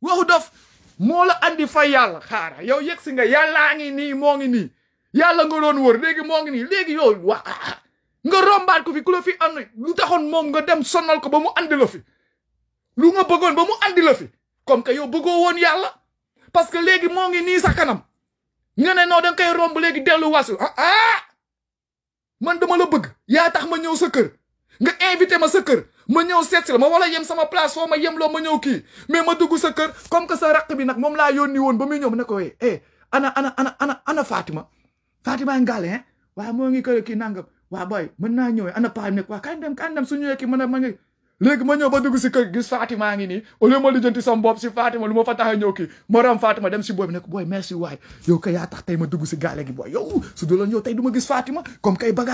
waxu dof moo la andi fa yàlla xaara yow yegg si nga yàllaa ngi nii moo ngi nii yàlla nga doon wër léegi moo ngi nii léegi yow nga rombaat ko fi ku la fi ànd lu taxone mom nga dem sonal ko ba andi la fi lu nga bëggoon ba mu andi la fi comme que yow bëggoo woon yàlla parce que léegi moo ngi nii sa kanam nga ne noo da nga koy romb léegi dellu ah ah man dama la bëgg yaa tax ma ñëw sa kër nga invité ma sa kër ma ñëw seet la ma wala yem sama place foo ma yem loo ma ñëw kii mais ma dugg sa kër comme que sa raq bi nag moom laa yónni woon ba muy ñëw ne ko eh, eh ana ana ana ana Fatima Fatima Ngale hein waaye moo ngi ko kii nangam. waa booy mën naa ñëwee ana paa nekk waa kan dem kan dem su ñëwee ki mën a ma ma ñëw ba dugg si kër gis Fatima ngi nii au lieu ma lijjanti sama bopp si Fatima lu ma fa tax a ñëw kii ma ram Fatima dem si booy bi nekk booy merci waay yow kay yaa tax ma dugg si gaale gi booy yow su dul woon yow tey du ma gis Fatima comme kay man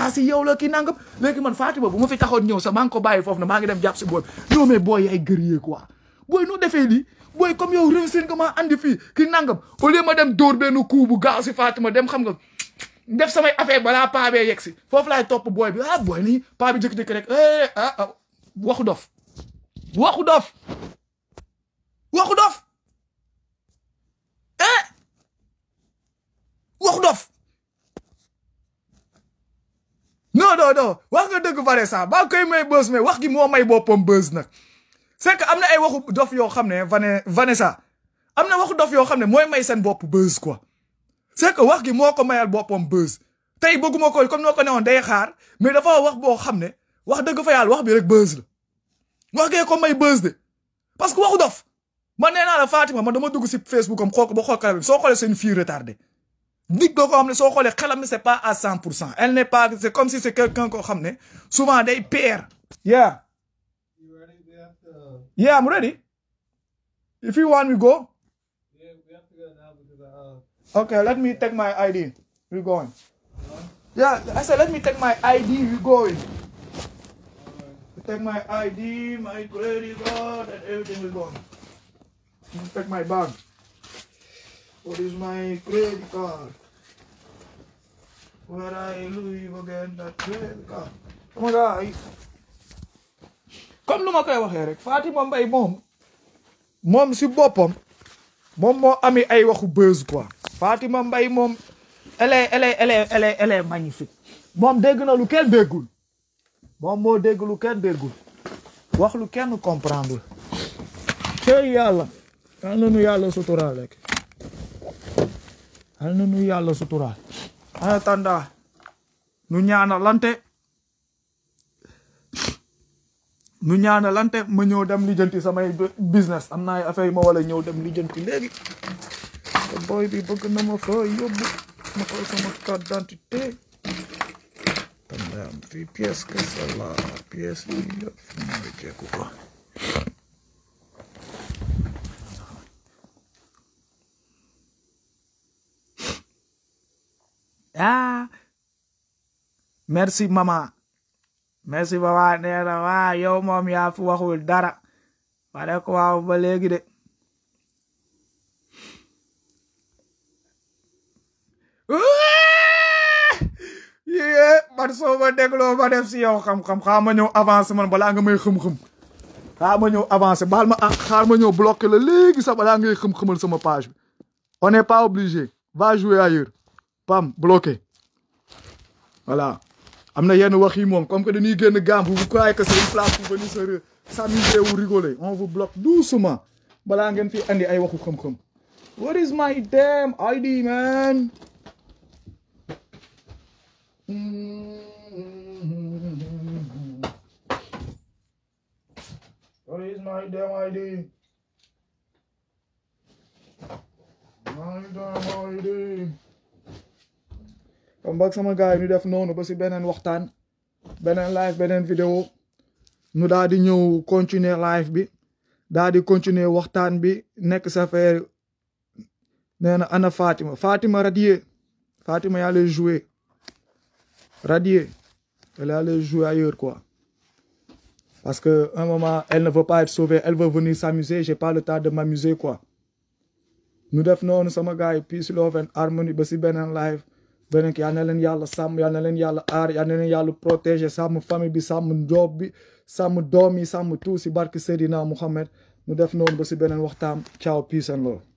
ko bàyyi foofu na maa ngi dem jàpp si booy bi yow mais yaay gërëyee quoi booy noo defee lii booy comme yow réussir nga maa andi fii ki nangam au ma dem dóor benn coup bu gaaw si Fatima dem xam nga def samay affaire balaa paa bee yegg si foofu laay topp booy bi a ah, booy nii paa bi jëkk-jëkk rek eh, ah, ah waxu dof waxu dof waxu dof eh waxu dof non non non wax nga dëgg Vanessa ba koy may bës mais wax gi moo may boppam bës nag c'est am na ay waxu dof yoo xam ne Vanessa am na waxu dof yoo xam ne mooy may seen bopp bës quoi c'est que wax gi sais mayal buzz ko comme nous day mais dafa wax je wax deug fa yal wax bi rek buzz la wax ge ko may buzz de parce que waxu dof man la Fatima man dama dugg Facebook am ba Je suis c'est une fille retardée nit ne xalam c'est pas à 100%. elle n'est pas c'est comme si c'est quelqu'un ko souvent day PR yeah yeah I'm ready if you want we go Okay, let me take my ID. We're going. Huh? Yeah, I said, let me take my ID. We're going. Right. Take my ID, my credit card, and everything is gone. Take my bag. What is my credit card? Where I leave again that credit card? Come on, guys. comme lu ma koy waxee rek Fatima Mbaye mom. Mom, si i moom moo amee ay waxu buzz quoi Fatima Mbaye moom elle est elle est elle moom dégg na lu kenn déggul moom moo dégg lu kenn déggul wax lu kenn comprendre tey yàlla al na nu yàlla suturaal rek al na nu yàlla suturaal en attendant nu ñaanalante nu ñaanalante ma ñëw dem lijjanti samay business am na ay affaire yu ma wala ñëw dem lijjanti léegi Boy, baby bugger number four, you mukha sama kaddan titte. Tamam, VPS kasala, PS yok. Ne kuka. Ah, merci mama. Merci mama, nee na waa yow moom yaa fi waxul dara. Pare ko waaw ba léegi de. yee man soo ma dégloo ma def si yow xam-xam xaa ma ñëw avancé man balaa nga may xëm-xëm xaa ma ñëw avancé baal ma xaar ma ñëw ah, bloqué la léegi sax balaa ngay xëm-xëmal sama page bi on n'est pas obligé va jouer ailleurs pam bloqué voilà am na yenn wax yi moom comme que dañuy génn gaam vous croyez que c'est une place pour venir se s'amuser ou rigoler on vous bloque doucement balaa ngeen fi andi ay waxu xam-xam what is my damn ID man What is sama gars yi def noonu ba si beneen waxtaan beneen live beneen vidéo ñu daal di ñëw continuer live bi daal di waxtaan bi nekk sa affaire nee na ana Fatima Fatima radier Fatima yàlla jouer radier. Elle est allée jouer ailleurs, quoi. Parce qu'à un moment, elle ne veut pas être sauvée. Elle veut venir s'amuser. Je n'ai pas le temps de m'amuser, quoi. Nous devons, nous sommes gars, peace, love and harmony, basi benen live. Benen ki, yal na len yalla sam, yal y len yalla ar, yal y len yalla protéger, sam famille bi, sam job, bi, sam domi, sam tout, si barke Seydina Mohamed. Nous devons, basi benen waxtam. Ciao, peace and love.